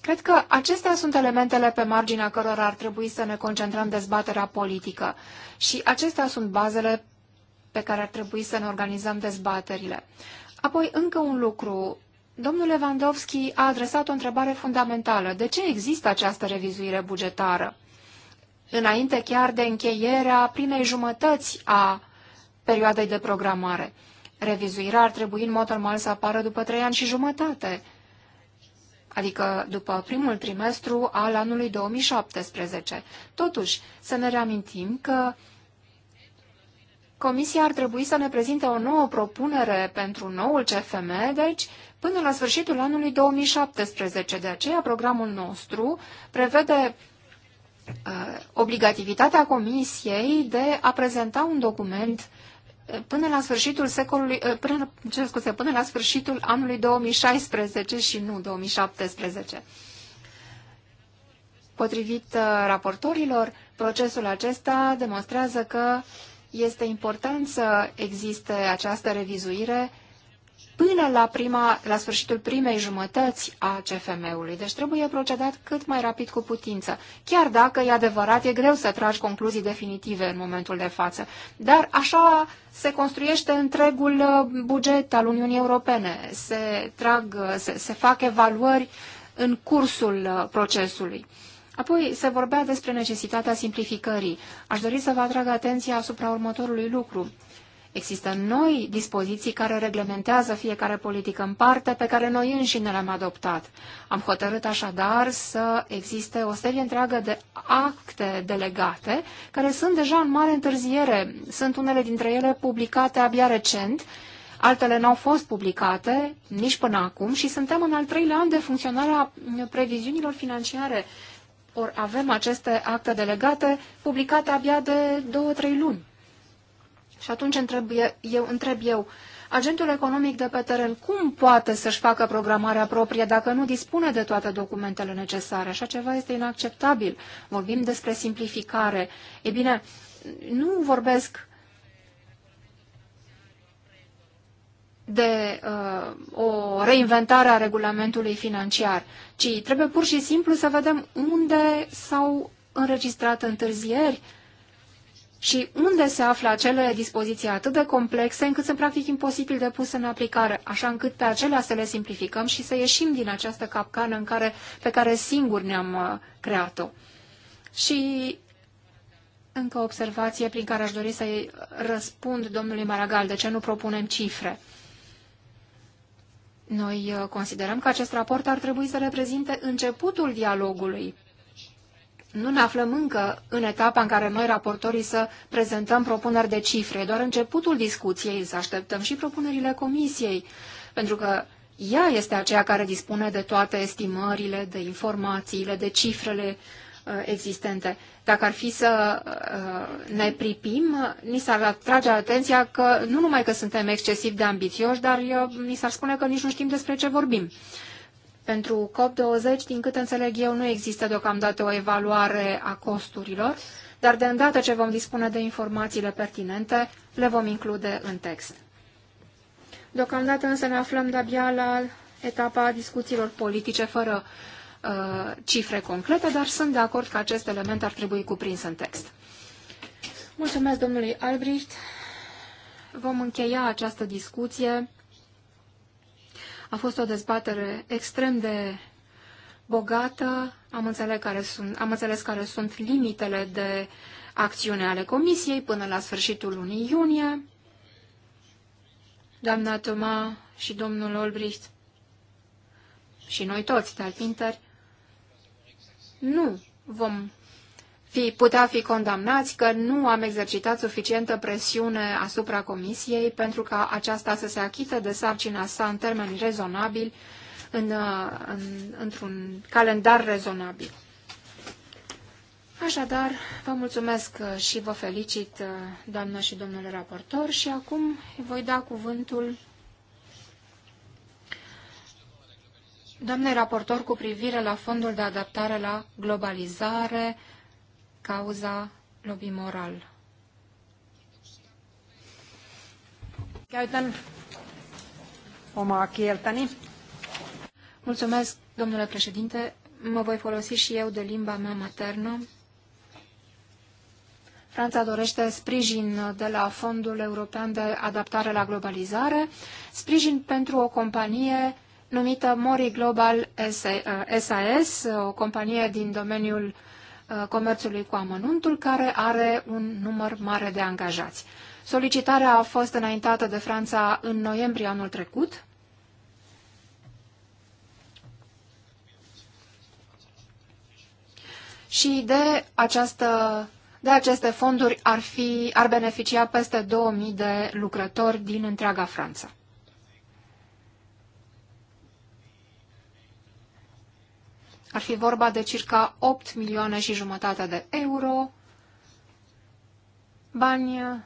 Cred că acestea sunt elementele pe marginea cărora ar trebui să ne concentrăm dezbaterea politică și acestea sunt bazele pe care ar trebui să ne organizăm dezbaterile. Apoi, încă un lucru. Domnul Lewandowski a adresat o întrebare fundamentală. De ce există această revizuire bugetară? înainte chiar de încheierea primei jumătăți a perioadei de programare. Revizuirea ar trebui în mod normal să apară după trei ani și jumătate, adică după primul trimestru al anului 2017. Totuși, să ne reamintim că Comisia ar trebui să ne prezinte o nouă propunere pentru noul CFM, deci până la sfârșitul anului 2017. De aceea, programul nostru prevede Uh, obligativitatea Comisiei de a prezenta un document uh, până la sfârșitul secolului, uh, până, ce scuze, până la sfârșitul anului 2016 și nu 2017. Potrivit raportorilor, procesul acesta demonstrează că este important să existe această revizuire până la, prima, la sfârșitul primei jumătăți a CFM-ului. Deci trebuie procedat cât mai rapid cu putință. Chiar dacă e adevărat, e greu să tragi concluzii definitive în momentul de față. Dar așa se construiește întregul uh, buget al Uniunii Europene. Se, trag, uh, se, se fac evaluări în cursul uh, procesului. Apoi se vorbea despre necesitatea simplificării. Aș dori să vă atrag atenția asupra următorului lucru. Există noi dispoziții care reglementează fiecare politică în parte pe care noi înșine le-am adoptat. Am hotărât așadar să existe o serie întreagă de acte delegate care sunt deja în mare întârziere. Sunt unele dintre ele publicate abia recent, altele n-au fost publicate nici până acum și suntem în al treilea an de funcționare a previziunilor financiare. Ori avem aceste acte delegate publicate abia de două-trei luni. Și atunci întreb eu, întreb eu agentul economic de pe teren cum poate să-și facă programarea proprie dacă nu dispune de toate documentele necesare? Așa ceva este inacceptabil. Vorbim despre simplificare. E bine, nu vorbesc de uh, o reinventare a regulamentului financiar, ci trebuie pur și simplu să vedem unde s-au înregistrat întârzieri, uh, și unde se află acele dispoziții atât de complexe încât sunt practic imposibil de pus în aplicare, așa încât pe acelea să le simplificăm și să ieșim din această capcană în care, pe care singuri ne-am uh, creat-o. Și încă o observație prin care aș dori să-i răspund domnului Maragal, de ce nu propunem cifre. Noi uh, considerăm că acest raport ar trebui să reprezinte începutul dialogului nu ne aflăm încă în etapa în care noi, raportorii, să prezentăm propuneri de cifre, doar începutul discuției, să așteptăm și propunerile comisiei, pentru că ea este aceea care dispune de toate estimările, de informațiile, de cifrele uh, existente. Dacă ar fi să uh, ne pripim, ni s-ar atrage atenția că nu numai că suntem excesiv de ambițioși, dar uh, ni s-ar spune că nici nu știm despre ce vorbim. Pentru COP20, din câte înțeleg eu, nu există deocamdată o evaluare a costurilor, dar de îndată ce vom dispune de informațiile pertinente, le vom include în text. Deocamdată însă ne aflăm de-abia la etapa discuțiilor politice fără uh, cifre concrete, dar sunt de acord că acest element ar trebui cuprins în text. Mulțumesc domnului Albrecht. Vom încheia această discuție a fost o dezbatere extrem de bogată. Am înțeles care sunt, am înțeles care sunt limitele de acțiune ale Comisiei până la sfârșitul lunii iunie. Doamna Toma și domnul Olbricht și noi toți, de altminteri, nu vom fi, putea fi condamnați că nu am exercitat suficientă presiune asupra Comisiei pentru ca aceasta să se achită de sarcina sa în termeni rezonabili, în, uh, în, într-un calendar rezonabil. Așadar, vă mulțumesc uh, și vă felicit, uh, doamnă și domnule raportor, și acum voi da cuvântul doamnei raportor cu privire la Fondul de Adaptare la Globalizare, cauza lobby moral. Käytän omaa kieltäni. Mulțumesc, domnule președinte. Mă voi folosi și eu de limba mea maternă. Franța dorește sprijin de la Fondul European de Adaptare la Globalizare, sprijin pentru o companie numită Mori Global SAS, o companie din domeniul Uh, comerțului cu amănuntul, care are un număr mare de angajați. Solicitarea a fost înaintată de Franța în noiembrie anul trecut. Și de, această, de aceste fonduri ar, fi, ar beneficia peste 2000 de lucrători din întreaga Franța. Ar fi vorba de circa 8 milioane și jumătate de euro, bani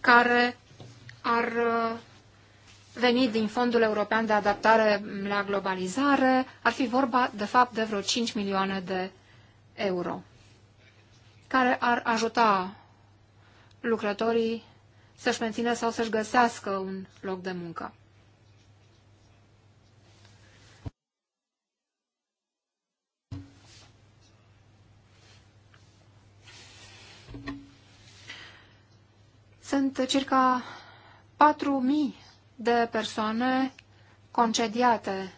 care ar uh, veni din Fondul European de Adaptare la Globalizare, ar fi vorba, de fapt, de vreo 5 milioane de euro, care ar ajuta lucrătorii să-și mențină sau să-și găsească un loc de muncă. Sunt circa 4.000 de persoane concediate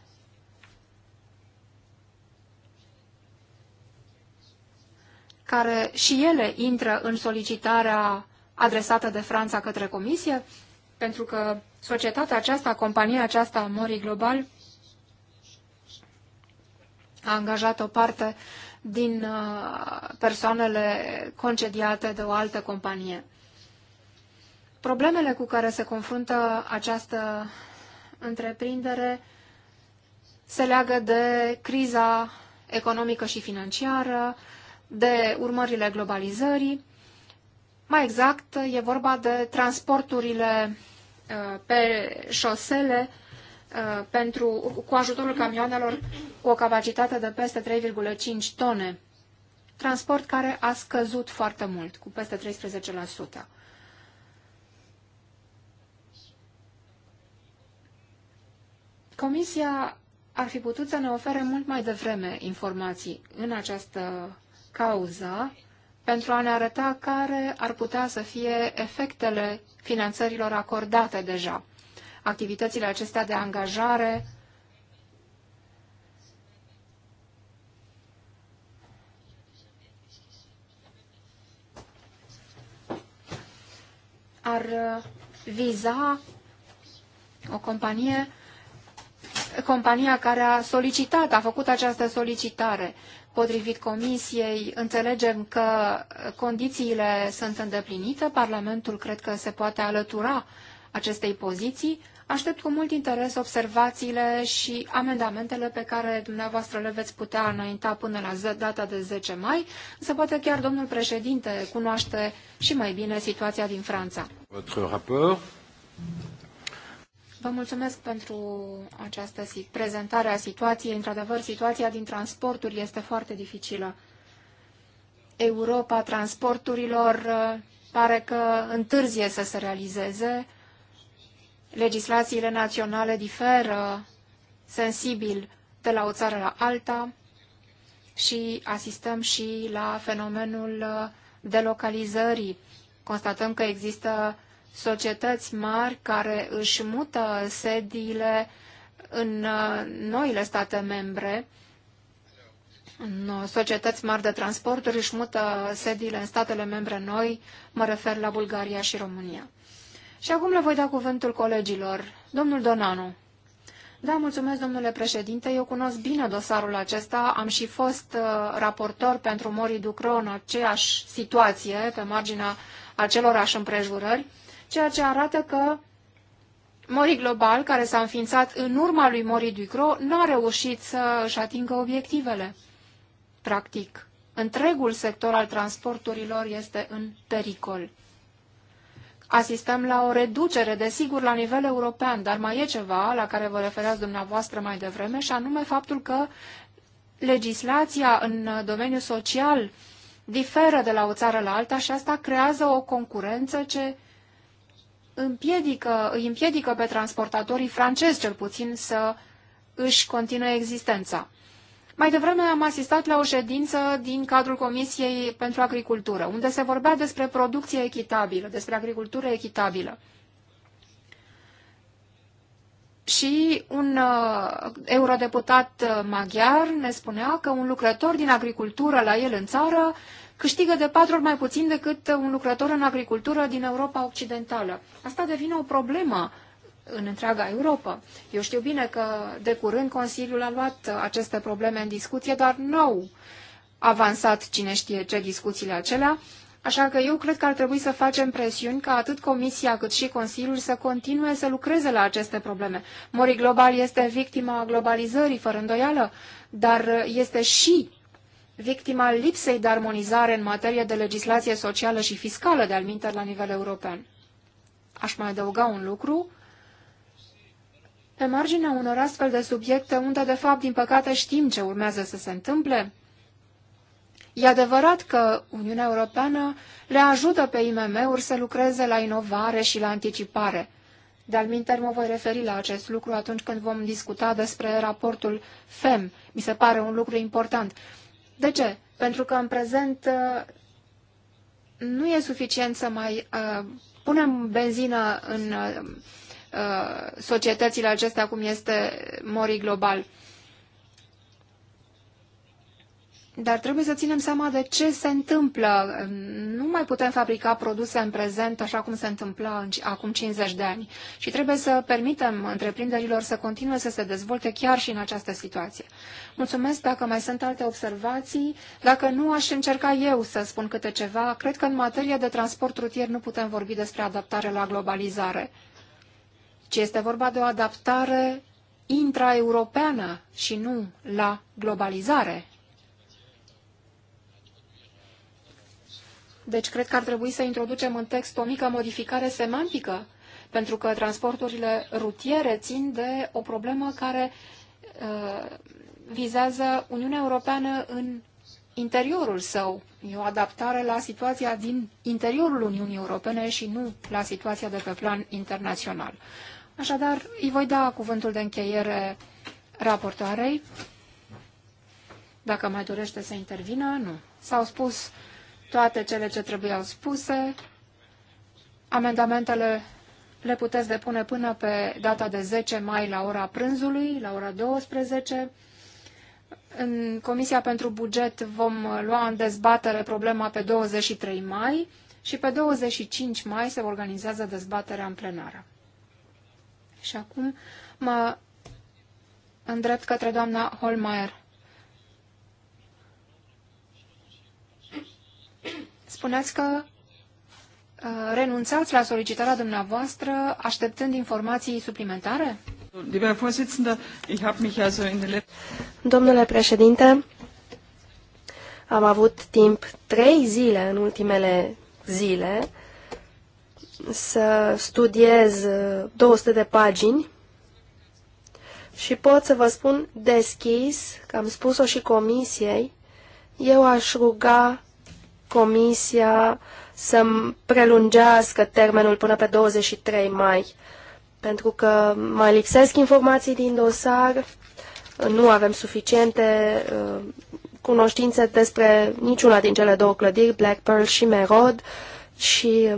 care și ele intră în solicitarea adresată de Franța către Comisie, pentru că societatea aceasta, compania aceasta, Mori Global, a angajat o parte din uh, persoanele concediate de o altă companie. Problemele cu care se confruntă această întreprindere se leagă de criza economică și financiară, de urmările globalizării mai exact, e vorba de transporturile uh, pe șosele uh, pentru, cu ajutorul camioanelor cu o capacitate de peste 3,5 tone. Transport care a scăzut foarte mult, cu peste 13%. Comisia ar fi putut să ne ofere mult mai devreme informații în această cauză, pentru a ne arăta care ar putea să fie efectele finanțărilor acordate deja. Activitățile acestea de angajare ar uh, viza o companie compania care a solicitat, a făcut această solicitare Potrivit comisiei, înțelegem că condițiile sunt îndeplinite, Parlamentul cred că se poate alătura acestei poziții. Aștept cu mult interes observațiile și amendamentele pe care dumneavoastră le veți putea înainta până la data de 10 mai, însă poate chiar domnul președinte cunoaște și mai bine situația din Franța. Votre rapport? Vă mulțumesc pentru această prezentare a situației. Într-adevăr, situația din transporturi este foarte dificilă. Europa transporturilor uh, pare că întârzie să se realizeze. Legislațiile naționale diferă sensibil de la o țară la alta și asistăm și la fenomenul uh, delocalizării. Constatăm că există societăți mari care își mută sediile în uh, noile state membre, în societăți mari de transporturi își mută sediile în statele membre noi, mă refer la Bulgaria și România. Și acum le voi da cuvântul colegilor. Domnul Donanu. Da, mulțumesc, domnule președinte. Eu cunosc bine dosarul acesta. Am și fost uh, raportor pentru Mori Ducro în aceeași situație, pe marginea acelorași împrejurări ceea ce arată că Mori Global, care s-a înființat în urma lui Mori Ducro, n-a reușit să își atingă obiectivele. Practic, întregul sector al transporturilor este în pericol. Asistăm la o reducere, desigur, la nivel european, dar mai e ceva la care vă refereați dumneavoastră mai devreme, și anume faptul că legislația în domeniul social diferă de la o țară la alta și asta creează o concurență ce împiedică, îi împiedică pe transportatorii francezi, cel puțin, să își continue existența. Mai devreme am asistat la o ședință din cadrul Comisiei pentru Agricultură, unde se vorbea despre producție echitabilă, despre agricultură echitabilă. Și un uh, eurodeputat uh, maghiar ne spunea că un lucrător din agricultură la el în țară câștigă de patru ori mai puțin decât un lucrător în agricultură din Europa Occidentală. Asta devine o problemă în întreaga Europa. Eu știu bine că de curând Consiliul a luat aceste probleme în discuție, dar nou avansat cine știe ce discuțiile acelea, Așa că eu cred că ar trebui să facem presiuni ca atât Comisia cât și Consiliul să continue să lucreze la aceste probleme. Mori Global este victima globalizării, fără îndoială, dar este și victima lipsei de armonizare în materie de legislație socială și fiscală de alminte la nivel european. Aș mai adăuga un lucru. Pe marginea unor astfel de subiecte, unde de fapt, din păcate, știm ce urmează să se întâmple, E adevărat că Uniunea Europeană le ajută pe IMM-uri să lucreze la inovare și la anticipare. De-al mă voi referi la acest lucru atunci când vom discuta despre raportul FEM. Mi se pare un lucru important. De ce? Pentru că în prezent uh, nu e suficient să mai uh, punem benzină în uh, uh societățile acestea cum este Mori Global. Dar trebuie să ținem seama de ce se întâmplă. Nu mai putem fabrica produse în prezent așa cum se întâmpla acum 50 de ani. Și trebuie să permitem întreprinderilor să continue să se dezvolte chiar și în această situație. Mulțumesc dacă mai sunt alte observații. Dacă nu, aș încerca eu să spun câte ceva. Cred că în materie de transport rutier nu putem vorbi despre adaptare la globalizare, ci este vorba de o adaptare intraeuropeană și nu la globalizare. Deci cred că ar trebui să introducem în text o mică modificare semantică, pentru că transporturile rutiere țin de o problemă care uh, vizează Uniunea Europeană în interiorul său. E o adaptare la situația din interiorul Uniunii Europene și nu la situația de pe plan internațional. Așadar, îi voi da cuvântul de încheiere raportoarei. Dacă mai dorește să intervină, nu. S-au spus toate cele ce trebuiau spuse. Amendamentele le puteți depune până pe data de 10 mai la ora prânzului, la ora 12. În Comisia pentru Buget vom lua în dezbatere problema pe 23 mai și pe 25 mai se organizează dezbaterea în plenară. Și acum mă îndrept către doamna Holmeier. spuneați că uh, renunțați la solicitarea dumneavoastră așteptând informații suplimentare? Domnule președinte, am avut timp trei zile în ultimele zile să studiez 200 uh, de pagini și pot să vă spun deschis, că am spus-o și comisiei, eu aș ruga Comisia să prelungească termenul până pe 23 mai, pentru că mai lipsesc informații din dosar, nu avem suficiente uh, cunoștințe despre niciuna din cele două clădiri, Black Pearl și Merod, și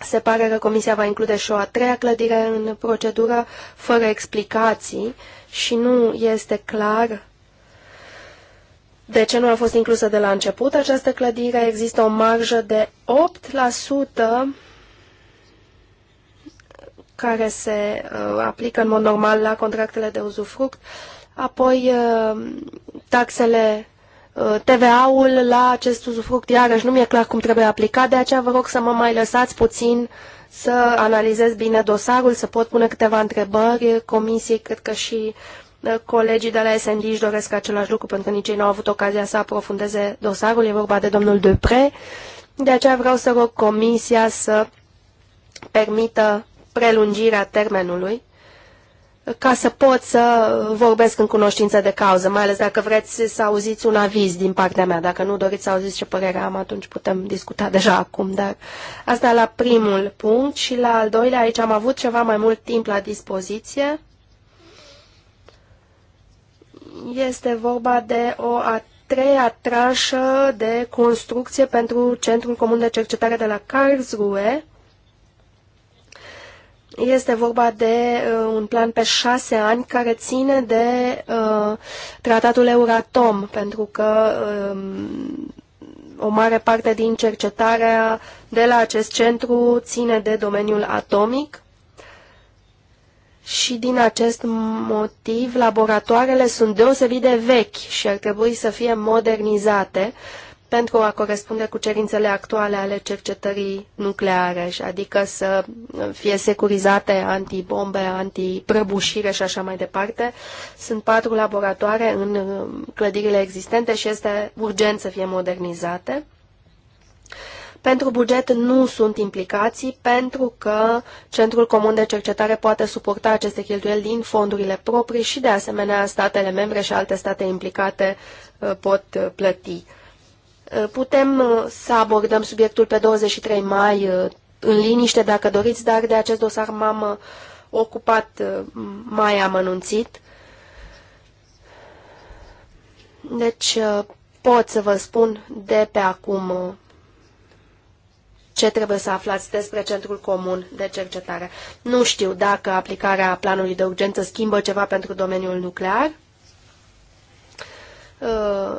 se pare că Comisia va include și o a treia clădire în procedură, fără explicații, și nu este clar de ce nu a fost inclusă de la început această clădire. Există o marjă de 8% care se uh, aplică în mod normal la contractele de uzufruct, apoi uh, taxele uh, TVA-ul la acest uzufruct, iarăși nu mi-e clar cum trebuie aplicat, de aceea vă rog să mă mai lăsați puțin să analizez bine dosarul, să pot pune câteva întrebări comisiei, cred că și Eh, colegii de la SND își doresc același lucru pentru că nici ei nu au avut ocazia să aprofundeze dosarul. E vorba de domnul Dupre. De aceea vreau să rog Comisia să permită prelungirea termenului ca să pot să vorbesc în cunoștință de cauză, mai ales dacă vreți să auziți un aviz din partea mea. Dacă nu doriți să auziți ce părere am, atunci putem discuta deja acum. Dar asta la primul punct și la al doilea, aici am avut ceva mai mult timp la dispoziție. Este vorba de o a treia tranșă de construcție pentru Centrul Comun de Cercetare de la Karlsruhe. Este vorba de uh, un plan pe șase ani care ține de uh, tratatul Euratom, pentru că uh, o mare parte din cercetarea de la acest centru ține de domeniul atomic și din acest motiv laboratoarele sunt deosebit de vechi și ar trebui să fie modernizate pentru a corespunde cu cerințele actuale ale cercetării nucleare, adică să fie securizate antibombe, antiprăbușire și așa mai departe. Sunt patru laboratoare în uh, clădirile existente și este urgent să fie modernizate. Pentru buget nu sunt implicații pentru că Centrul Comun de Cercetare poate suporta aceste cheltuieli din fondurile proprii și de asemenea statele membre și alte state implicate uh, pot uh, plăti. Uh, putem să abordăm subiectul pe 23 mai în liniște dacă doriți, dar de acest dosar m-am ocupat mai amănunțit. Deci pot să vă spun de pe acum ce trebuie să aflați despre Centrul Comun de Cercetare. Nu știu dacă aplicarea planului de urgență schimbă ceva pentru domeniul nuclear, uh,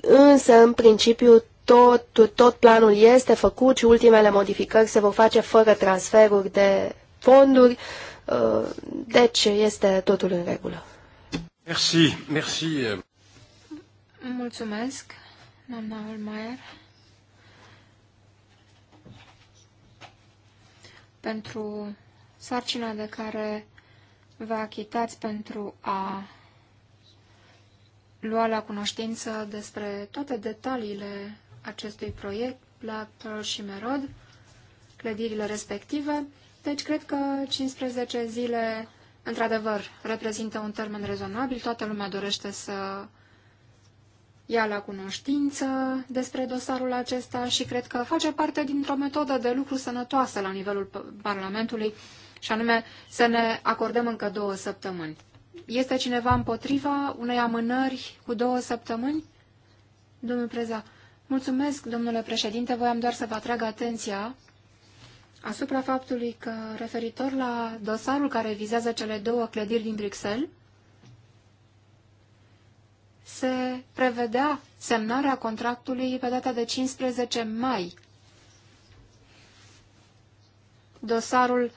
însă, în principiu, tot, tot planul este făcut și ultimele modificări se vor face fără transferuri de fonduri, uh, deci este totul în regulă. Merci, merci. Mulțumesc, doamna Olmaier. pentru sarcina de care vă achitați pentru a lua la cunoștință despre toate detaliile acestui proiect, Black Pearl și Merod, clădirile respective. Deci cred că 15 zile, într-adevăr, reprezintă un termen rezonabil. Toată lumea dorește să ia la cunoștință despre dosarul acesta și cred că face parte dintr-o metodă de lucru sănătoasă la nivelul Parlamentului, și anume să ne acordăm încă două săptămâni. Este cineva împotriva unei amânări cu două săptămâni? Domnul Preza, mulțumesc, domnule președinte, voiam doar să vă atrag atenția asupra faptului că, referitor la dosarul care vizează cele două clădiri din Bruxelles, se prevedea semnarea contractului pe data de 15 mai. Dosarul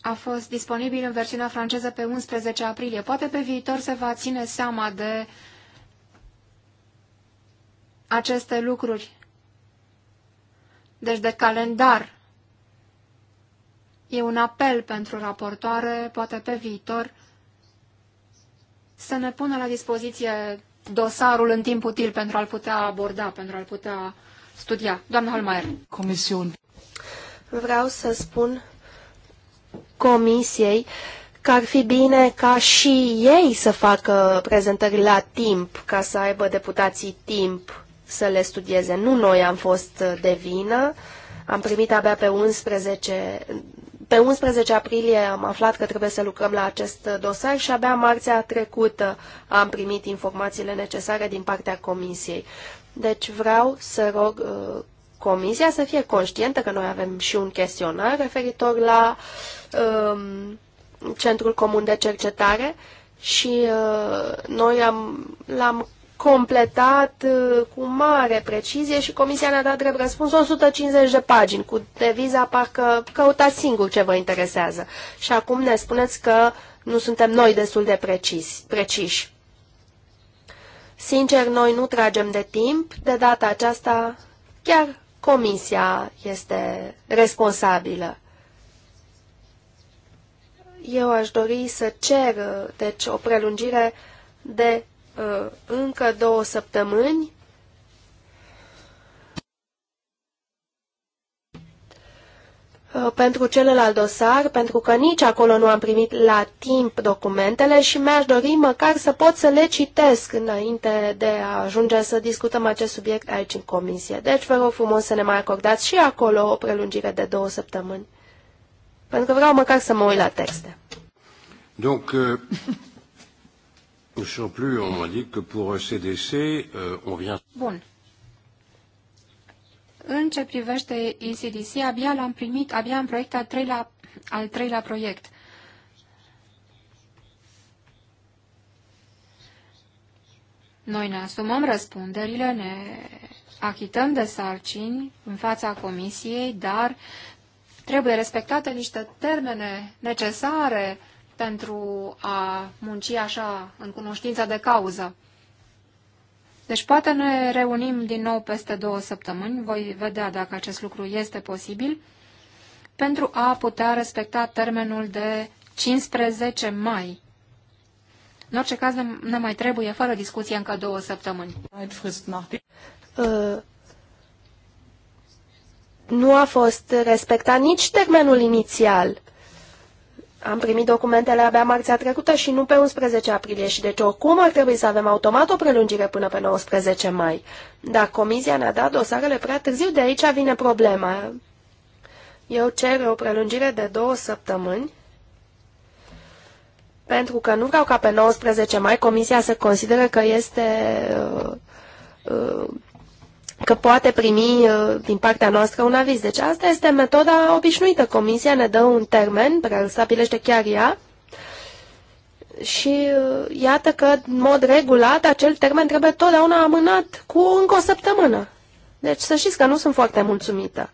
a fost disponibil în versiunea franceză pe 11 aprilie. Poate pe viitor se va ține seama de aceste lucruri, deci de calendar. E un apel pentru raportoare, poate pe viitor să ne pună la dispoziție dosarul în timp util pentru a-l putea aborda, pentru a-l putea studia. Doamna Holmaier. Comisiuni. Vreau să spun comisiei că ar fi bine ca și ei să facă prezentări la timp, ca să aibă deputații timp să le studieze. Nu noi am fost de vină, am primit abia pe 11 pe 11 aprilie am aflat că trebuie să lucrăm la acest dosar și abia marțea trecută am primit informațiile necesare din partea comisiei. Deci vreau să rog uh, comisia să fie conștientă că noi avem și un chestionar referitor la um, Centrul Comun de Cercetare și uh, noi am, l-am completat uh, cu mare precizie și comisia ne-a dat drept răspuns 150 de pagini cu deviza parcă căutați singur ce vă interesează. Și acum ne spuneți că nu suntem noi destul de precis, preciși. Sincer, noi nu tragem de timp. De data aceasta, chiar comisia este responsabilă. Eu aș dori să cer, uh, deci, o prelungire de Uh, încă două săptămâni uh, pentru celălalt dosar, pentru că nici acolo nu am primit la timp documentele și mi-aș dori măcar să pot să le citesc înainte de a ajunge să discutăm acest subiect aici în comisie. Deci vă rog frumos să ne mai acordați și acolo o prelungire de două săptămâni. Pentru că vreau măcar să mă uit la texte. Donc, euh, Bun. În ce privește ECDC, abia l-am primit, abia am proiect al treilea, al treilea proiect. Noi ne asumăm răspunderile, ne achităm de sarcini în fața comisiei, dar trebuie respectate niște termene necesare pentru a munci așa, în cunoștință de cauză. Deci poate ne reunim din nou peste două săptămâni, voi vedea dacă acest lucru este posibil, pentru a putea respecta termenul de 15 mai. În orice caz ne mai trebuie fără discuție încă două săptămâni. Uh, nu a fost respectat nici termenul inițial. Am primit documentele abia marțea trecută și nu pe 11 aprilie și deci oricum ar trebui să avem automat o prelungire până pe 19 mai. Dar comisia ne-a dat dosarele prea târziu, de aici vine problema. Eu cer o prelungire de două săptămâni pentru că nu vreau ca pe 19 mai comisia să consideră că este uh, uh, că poate primi uh, din partea noastră un aviz. Deci asta este metoda obișnuită. Comisia ne dă un termen pe care îl stabilește chiar ea și uh, iată că, în mod regulat, acel termen trebuie totdeauna amânat cu încă o săptămână. Deci să știți că nu sunt foarte mulțumită.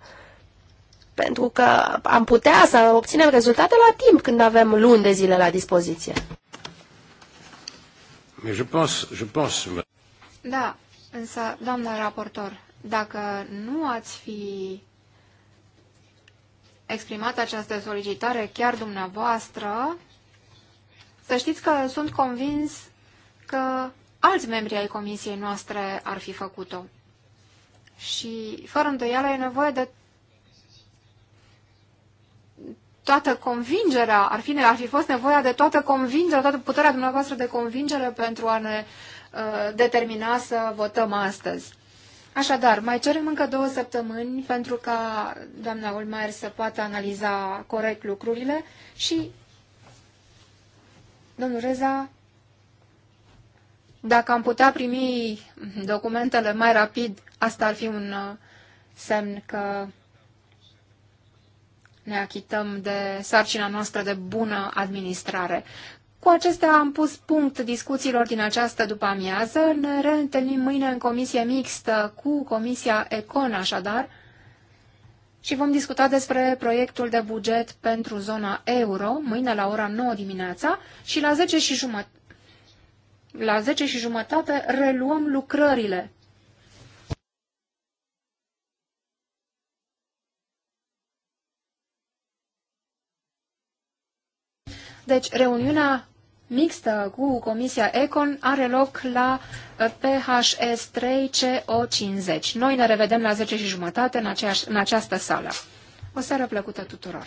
Pentru că am putea să obținem rezultate la timp când avem luni de zile la dispoziție. Da, Însă, doamnă raportor, dacă nu ați fi exprimat această solicitare chiar dumneavoastră, să știți că sunt convins că alți membri ai comisiei noastre ar fi făcut-o. Și, fără îndoială, e nevoie de toată convingerea, ar fi, ar fi fost nevoia de toată convingerea, toată puterea dumneavoastră de convingere pentru a ne Uh, determina să votăm astăzi. Așadar, mai cerem încă două săptămâni pentru ca doamna Ulmer să poată analiza corect lucrurile și domnul Reza, dacă am putea primi documentele mai rapid, asta ar fi un uh, semn că ne achităm de sarcina noastră de bună administrare. Cu acestea am pus punct discuțiilor din această după-amiază. Ne reîntâlnim mâine în comisie mixtă cu Comisia Econ, așadar, și vom discuta despre proiectul de buget pentru zona euro, mâine la ora 9 dimineața și la 10 și jumătate. La 10 și jumătate reluăm lucrările Deci, reuniunea mixtă cu Comisia Econ are loc la uh, PHS 3CO50. Noi ne revedem la 10 și jumătate în, aceeași, în această sală. O seară plăcută tuturor!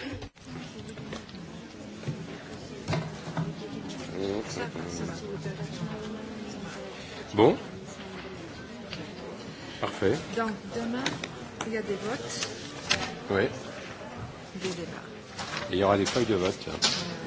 Bun? Parfait. Donc, demain, il y a des votes. Oui. Des débats. Et il y aura des feuilles de vote. Euh...